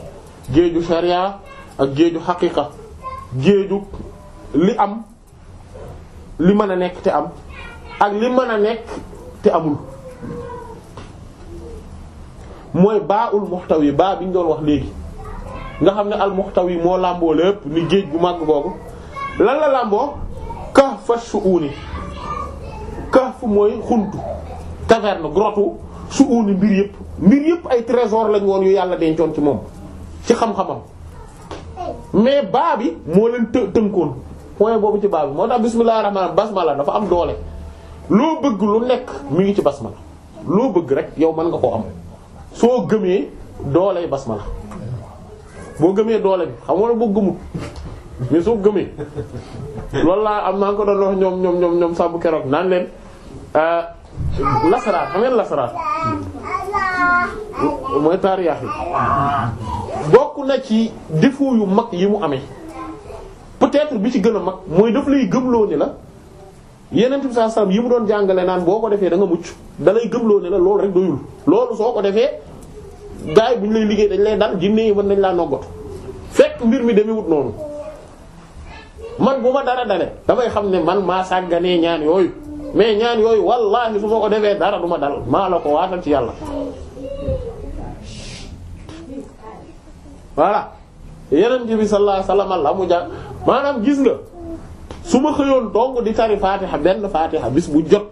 géeju sharia ak géeju xaqiqa géeju li am li mën a nekk te am ak li mën a nekk te amul mooy baa ul yi baa biñ doon wax léegi nga xam ne al yi moo làmboo lépp ni géej gu màgg googu lan la làmboo kahfa su'uni kahf mooy xuntu caverne grotte su'uni mbir yëpp mbir yëpp ay trésor lañ woon yu yàlla dencoon ci moom ci xam-xamam mais baa bi moo leen të tënkoon point boobu ci baa bi moo tax bismillahir rahmanir basmala dafa am doole loo bëgg lu nekk mu ngi ci basmala loo bëgg rek yow mën nga koo am soo gëmee dooley basmala boo gëmee doole bi xam nga boo gëmut mais soo gëmee loolu laa am naa ko doon wax ñoom ñoom ñoom ñoom sàmm keroog naan leen euh, lasaraar xam ngeen lasaraar mooy taariyaax yi bokk na ci défaut yu mag yi mu amee peut-être bi ci gën a mag mooy daf lay gëmloo ni la yeneen bi saa salaam yi mu doon jàngale naan boo ko defee danga mucc da gëbloo gëmloo ni la loolu rek doyul loolu soo ko defee gars yi bu ñu lay liggéey dañ lay dal jinne yi mën nañ laa noggatu fekk mbir mi demee wut noonu man bu ma dara dale damay xam ne man maa sàgganee ñaan yooyu mais ñaan yooyu wallaahi su ma ko defee dara du ma dal maa la ko waatal ci yàlla voilà yeneen bi sallallahu alayhi wasallam la mu jàng maanaam gis nga su ma xëyoon dong di tari faatixa benn faatixa bis bu jot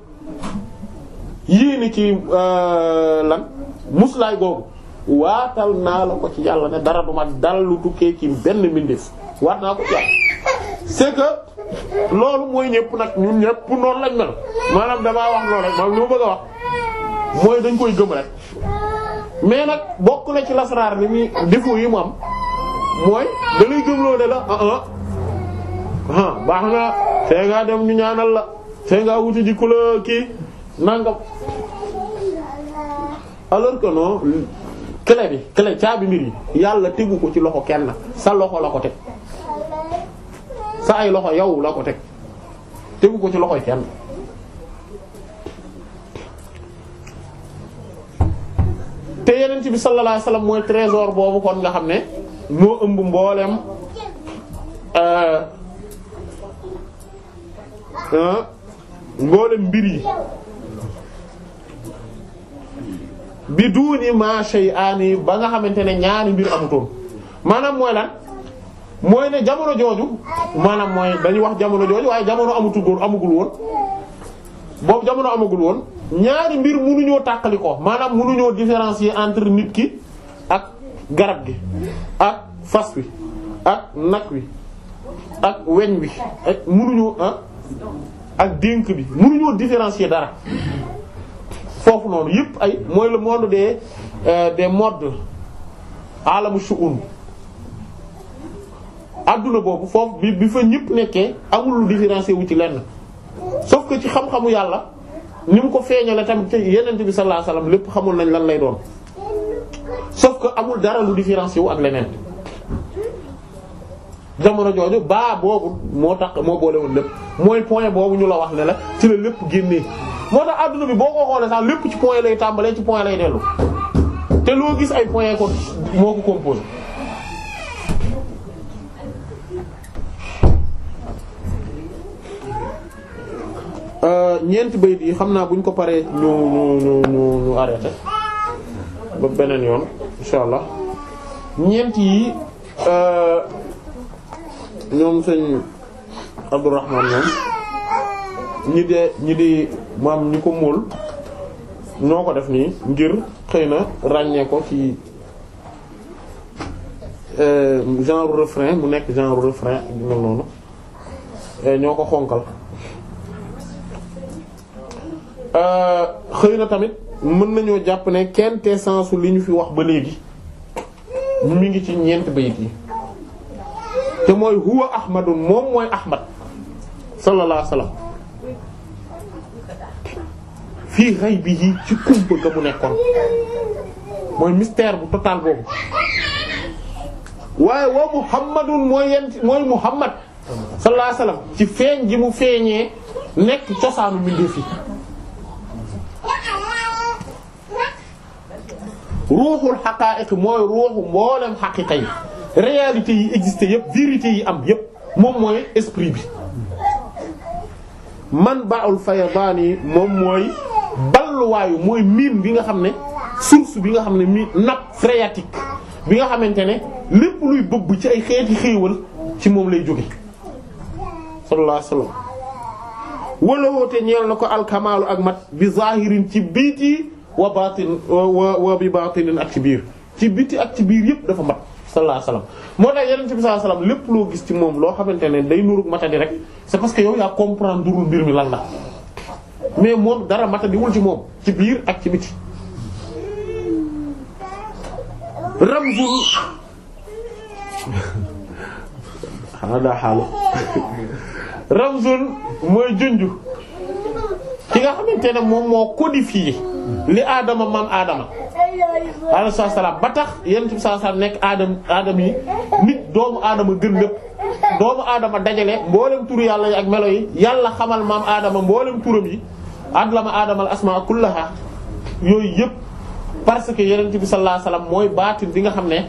yéene ci euh, lan muslaay googu waatal naa la ko ci yàlla ne dara du ma dal lu tukkee ci benn mbindeef waat naa ko ci yàlla c'est que loolu mooy ñëpp nag ñun ñëpp pour noonu lañ mel maanaam damaa wax loolu rek maanaam li ma bëgg a wax mooy dañ koy gëm rek mais nag bokk na ci lasaraar li muy défaut yi mu am mooy da lay gëmloo de la ah, ah, ah, baax na fee ngaa dem ñu ñaanal la fee ngaa wuti ji ku la kii nangam alors que non clé bi clé caabi mbir yàlla tegu ko ci loxo kenn sa loxo la ko teg. sa ay loxo yow la ko teg tegu ko ci loxo kenn te yeneen ci bi sallallahu alayhi mooy trésor boobu kon nga xam ne moo ëmb mboolem euh, mbir yi bi duuni ma shay'ani ba nga xamante ne ñaari mbir amutoon maanaam mooy lan mooy ne jamono jooju maanaam mooy dañuy wax jamono jooju waaye jamono amatul woon amagul woon boobu jamono amagul woon ñaari mbir mënuñoo tàqali ko maanaam mënuñoo différencier entre nit ki ak garab gi ak fas wi ak nag wi ak weñ wi ak mënuñoo ah ak dénk bi mënuñoo différencier dara foofu noonu yépp ay mooy le monde des euh, des modes alamu shu'un adduna boobu foofu bi bi fa ñëpp nekkee amul lu wu ci lenn sauf ko ci xam-xamu yàlla ni mu ko feeñale tamit ci yenent bi sallallahu alayhi wasallam lépp xamul nañ lan lay doon sauf ko amul dara lu différencier wu ak leneen jamono jooju baa boobu moo tax moo boolewul lépp mooy point boobu ñu la wax ne la ci la lépp génnee moo tax adduna bi boo ko xoolee sax lépp ci point lay tàmbalee ci point lay dellu te loo gis ay point ko moo ko composé Euh, ñeenti bayit yi xam naa bu ñu ko paree ñu ñu ñu ñu ba beneen yoon insha allah ñeenti yi euh, ñoom sëñ Abdourahman ñoom ñi de ñi di maam ñi ko móol ñoo ko def nii ngir xëy na ràññee ko ci euh, genre refrain mu nekk genre refrain mel noonu ñoo ko xonkal Euh, xëy na tamit mën nañoo jàpp ne quintessence li ñu fi wax ba léegi mi ngi ci ñeent bayit yi te mooy huwa ahmadun moom mooy ahmad sallallahu alayhi fii xëy bi yi ci kumpa ga mu nekkoon mooy mystère bu total boobu waaye wa muhammadun mooy yent mooy muhammad sallallahu alayhi ci feeñ ji mu feeñee nekk cosaanu mbindeef yi ruuxul xaqaa'iq mooy ruuxu mboolem xaqiqa yi réalité yi existé yëpp vérité yi am yëpp moom mooy esprit bi man ba'ul faydaani moom mooy balluwaayu mooy miin bi nga xam ne source bi nga xam ne mi nappe phréatique bi nga xamante ne lépp luy bëbb ci ay xeeti xéewal ci moom lay jóge sallallahu alayhi wasallam wala woote ko alkamaalu ak mat bi zahirin ci biiti wa baatin wa wa bi baatinin ak ci biir ci biti ak ci biir yëpp dafa mat sallallahu alayhi wasallam moo tax yeneen bi sallallahu lépp loo gis ci moom loo xamante ne day nurug matadi rek c'est parce que yow yaa comprendre durul mbir mi lan la mais moom dara matadiwul ci moom ci biir ak ci biti ramzul xanaa daa xaalu ramzul mooy junju ki nga xamante ne moom moo codifié li aadama maam aadama alayhi salaam ba tax yonent bi sallallahu alayhi nekk aadam aadam yi nit doomu aadama gën lépp doomu aadama dajale mboolem turu yàlla yi ak melo yi yàlla xamal maam aadama mboolem turam yi adlama aadama al asmaa kullaha yooyu yëpp parce que yonent bi sallallahu alayhi mooy baatin bi nga xam ne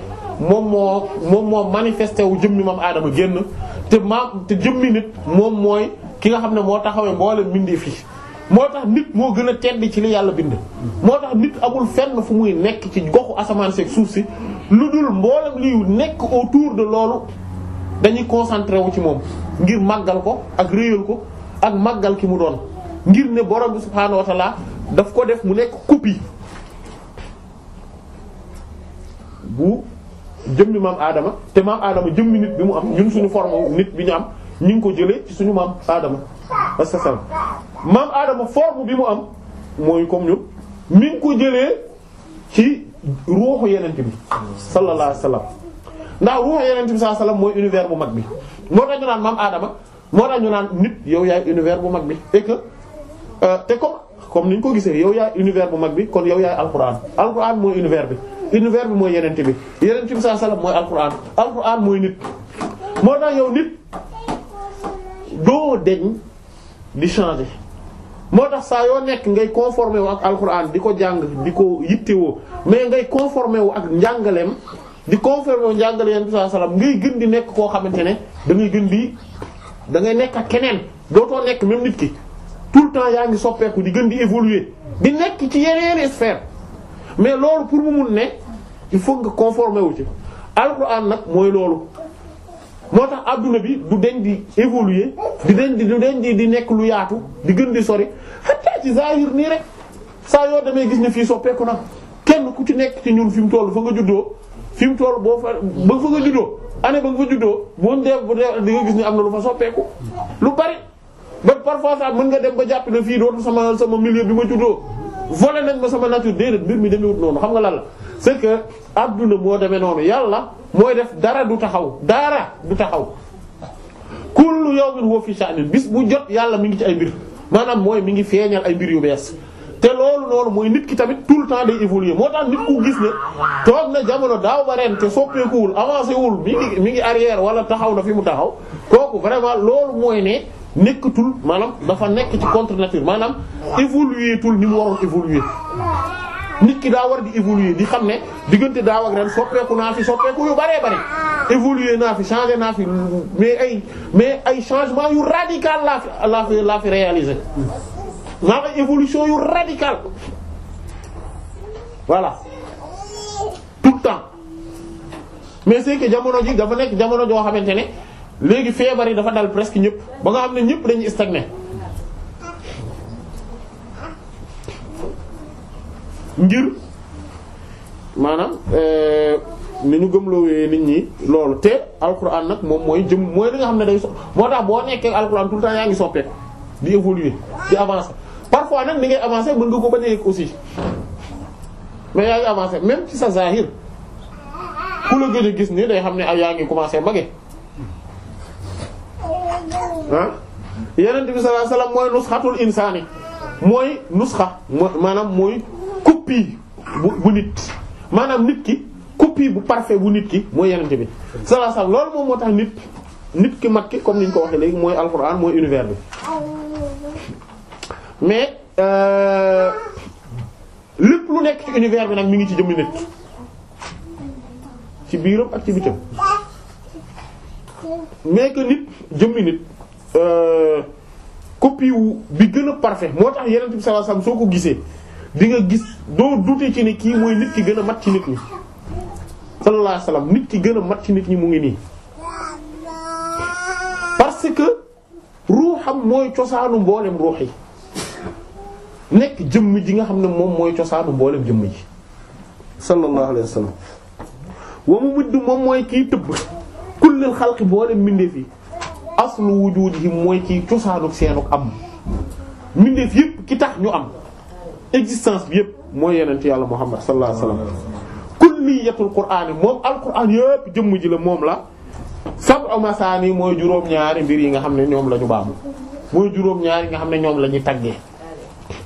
moom moo moom moo manifesté wu jëmmi maam aadama génn te maam te jëmmi nit moom mooy ki nga xam ne moo taxawee mboolem mbindeef yi moo tax nit moo gën a tedd ci li yàlla bind moo tax nit amul fenn fu muy nekk ci goxu asamaan seeg suuf si lu dul mboolem liyu nekk autour de loolu dañuy concentré wu ci moom ngir màggal ko ak réyal ko ak màggal ki mu doon ngir ne borom bi subhaanahu daf ko def mu nekk copie bu jëmmi maam aadama te maam aadama jëmmi nit bi mu am ñun suñu forme nit bi ñu am ñu ngi ko jëlee ci suñu maam aadama assalam maam aadama forme bi mu am mooy comme ñun mi ko jëlee ci ruuxu yenente bi sallallahu alayhi wasallam ndax ruuxu yenente bi mooy univers bu mag bi moo tax ñu naan maam aadama moo tax ñu naan nit yow yaay univers bu mag bi et euh, te ko comme ni ko gisee yow yaay univers bu mag bi kon yow yaay alquran alquran mooy univers bi univers bi mooy yenente bi yenente bi sallallahu alayhi wasallam mooy alquran alquran mooy nit moo tax yow nit doo deñ di changer moo tax saa yoo nekk ngay conformé wu ak alxuraan di ko jàng di ko yittewoo mais ngay conformé wu ak njàngaleem di conformé wu njàngale yonent bi ngay gën di nekk koo xamante ne da gën di da ngay nekk keneen doo dootoo nekk même nit ki tout le temps yaa ngi soppeeku di gën di évoluer di nekk ci yeneen sphère mais loolu pour mu mun ne il faut nga conformé wu ci alxuraan nag mooy loolu. moo tax adduna bi du deñ di évoluer di deñ di du deñ di di nekk lu yaatu di gën di sori hatta ci zahir nii rek saa yoo demee gis ne fii soppeeku na kenn ku ci nekk ci ñun fi mu toll fa nga juddoo fi mu toll boo fa ba fa nga juddoo année ba nga fa juddoo boo dee di nga gis ne am na lu fa soppeeku lu bari ba parfois sax mën nga dem ba jàpp ne fii dootu sama sama milieu bi ma juddoo volé nañ ma sama nature déedéet mbir mi demewut noonu xam nga lan la c'est que adduna moo demee noonu yàlla mooy def dara du taxaw dara du taxaw kullu yawmin huwa fi sha'nin bis bu jot yàlla mi ngi ci ay mbir maanaam mooy mi ngi feeñal ay mbir yu bees te loolu loolu mooy nit ki tamit tout le temps day évoluer moo tax nit ku gis ne toog na jamono daaw ba ren soppeekuwul avancé wul mi ngi mi ngi arrière wala taxaw na fi mu taxaw kooku vraiment loolu nekkatul maanaam dafa nekk ci contre nature maanaam évoluer tul ni mu waroon évoluer nit ki daa war di évoluer di xam ne diggante daaw ak ren soppeeku naa fi soppeeku yu baree bari évoluer naa fi changer naa fi mais ay mais ay changement yu radical laa fi laa fi laa fi réaliser évolution yu radical voilà tout le temps mais c'est que jamono ji dafa nekk jamono joo xamante ne léegi feebar yi dafa dal presque ñëpp ba nga xam ne ñëpp dañuy stagné ngir maanaam euh, ni ñu gëmloowee nit ñi loolu te alxuraan nag moom mooy jëm mooy li nga xam ne day so moo tax boo nekkee alxuraan tout le temps yaa ngi soppee di évoluer di avancer parfois nag ni ngay avancer mën nga ko bañ a yëg aussi mais yaa ngi avancer même ci sa zahir ku la gën gis nii day xam ne ay yaa ngi commencer mage ah yeneen bi sallallahu alayhi wasallam mooy nusxatul insaani mooy nusxa maanaam mooy copie bu nit maanaam nit ki copie bu parfait bu nit ki mooy yeneen bi sallallahu alayhi wasallam loolu moom moo tax nit nit ki mat ki comme ni ko waxee léegi mooy alxuraan mooy univers bi mais euh, lépp lu nekk ci univers bi nag mu ngi ci jëmmi nit ci biiram ak ci bitam mais que nit jëmmi nit. Euh, copie bi gën a parfait moo tax Yonent bi sallallahu soo ko gisee di nga gis doo dute ci ne kii mooy nit ki gën a mat ci nit ñi nit ki gën a mat ci nit ñi mu ngi nii parce que ruuxam mooy cosaanu mboolem ruux nekk jëmm ji nga xam ne moom mooy cosaanu mboolem jëmm ji sallallahu alayhi wasallam wa mu mudd moom mooy kii tëbb kullil xalqi mboolem mbindeef yi aslu wujudihim mooy ci cosaanuk seenu am mbindeef yëpp ki tax ñu am existence bi yëpp mooy yeneen ci yàlla muhammad sallallahu alayhi wasallam kulliyatul qur'aan yi moom alqur'aan yépp jëmm ji la moom la sab'u masaani mooy juróom-ñaari mbir yi nga xam ne ñoom la ñu baamu mooy juróom-ñaari nga xam ne ñoom la ñuy taggee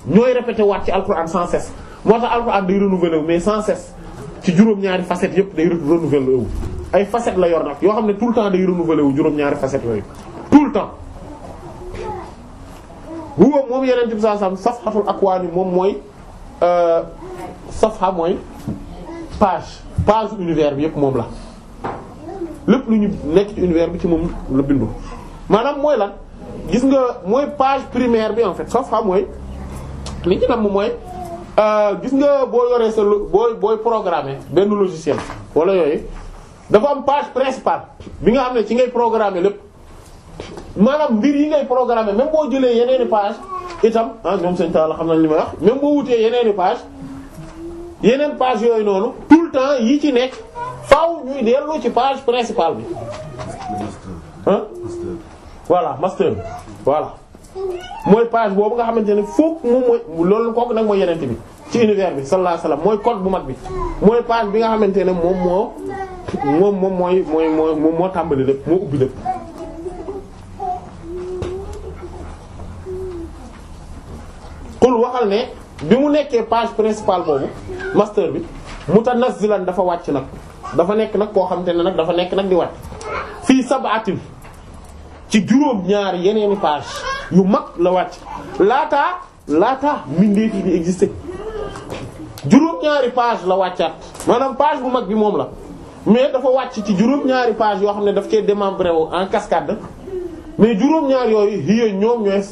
ñooy répété waat ci alqur'aan sans cesse moo tax alqur'aan day renouveler mais sans cesse ci juróom-ñaari facettes yëpp day renouveler wu ay facettes la yor nag yoo xam ne tout le temps day renouveler wu juróom-ñaari facettes yooyu tout le temps huwa moom yeneen bi saa sam ak akwaani moom mooy euh, safha mooy page page univers bi yëpp moom la lépp lu ñu nekk univers bi ci moom la bindu maanaam mooy lan gis nga mooy page primaire bi en fait safha mooy li ci nam mooy euh, gis nga boo yoree sa booy booy benn logiciel wala yooyu dafa am page principale bi nga xam ne ci ngay programmer lépp maanaam mbir yi ngay programme même boo jëlee yeneeni page itam ah ñoom sëñ Talla xam nañ li may wax même boo wutee yeneeni page yeneen page yooyu noonu tout le temps yi ci nekk faaw ñuy dellu ci page principale bi ah voilà master voilà mooy page boobu nga xamante ne fokk moom mooy loolu kooku nag mooy yeneen bi ci univers bi sallallahu alayhi wasallam mooy code bu mag bi mooy page bi nga xamante ne moom moom moom mooy mooy mooy moom moo tàmbali lépp moo ubbi lépp qul waxal ne bi mu nekkee page principale boobu master bi mutanazzilan dafa wàcc nag dafa nekk nag koo xamante ne nag dafa nekk nag di wàcc fii sab'atin ci juróom ñaari yeneeni page yu mag la wàcc laata laata mbindeef yi di exister juróom ñaari page la wàccaat maanaam page bu mag bi moom la mais dafa wàcc ci juróom-ñaari page yoo xam ne daf cee démembré wu en cascade mais juróom-ñaar yooyu hiya ñoom ñooy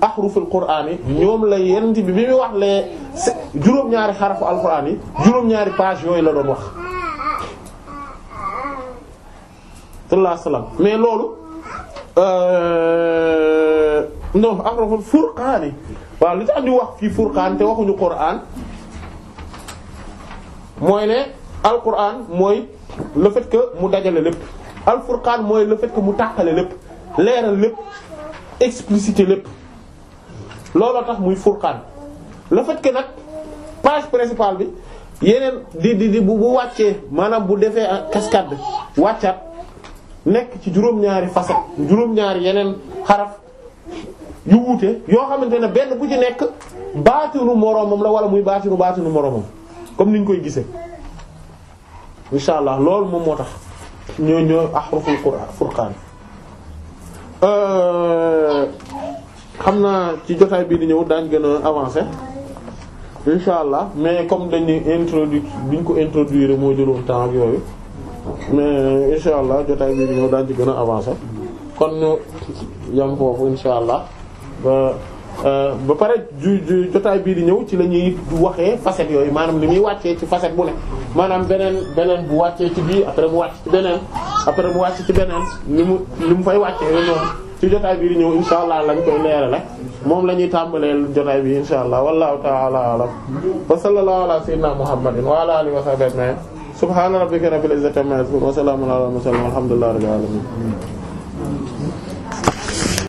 ahruful qur'aan yi ñoom la yent bi bi muy wax les juróom-ñaari xarafu alqur'aan yi juróom-ñaari page yooyu la doon wax sallallahu alayhi mais loolu euh, non ahruful furqaan yi waaw li tax ñu wax fii furqaan te waxuñu qur'aan mooy ne alqur'aan mooy le fait que mu dajale lépp al furqaan mooy le fait que mu tàqale lépp leeral lépp explicité lépp looloo tax muy furqaan le fait nag page principale bi yeneen di di di bu bu wàccee maanaam bu defee cascade wàccaat nekk ci juróom-ñaari facette juróom-ñaari yeneen xaraf yu wuute yoo xamante ne benn bu ci nekk baatinu moroomam la wala muy baatinu baatinu moroomam comme niñ koy gisee. insha allah loolu moom moo tax ñoo ñoo ahruful furqaan euh, xam naa ci jotaay bii di ñëw daan gën a avancer insha allah mais comme dañuy introduire biñ ko introduire moo jëloon temps yooyu mais insha allah jotaay bii di ñëw daañ ci gën a avancé kon ñu yam foofu insha allah Euh, ba pare ju jotaay bii di ñëw ci la ñuy waxee facette yooyu maanaam li muy wàccee ci facette bu ne maanaam beneen beneen bu wàccee ci bii après mu wàcc ci beneen après mu wàcc ci beneen ni mu li mu fay wàccee noonu ci jotaay bii di ñëw insha allah lañ koy leerale moom la ñuy tàmbaleel jotaay bi insha allah wallahu ta'ala alam wa sallallahu ala sayyidina muhammadin wa ala alihi wa sahbihi ajma'in subhana rabbika rabbil izzati amma yasifun wa salamun ala al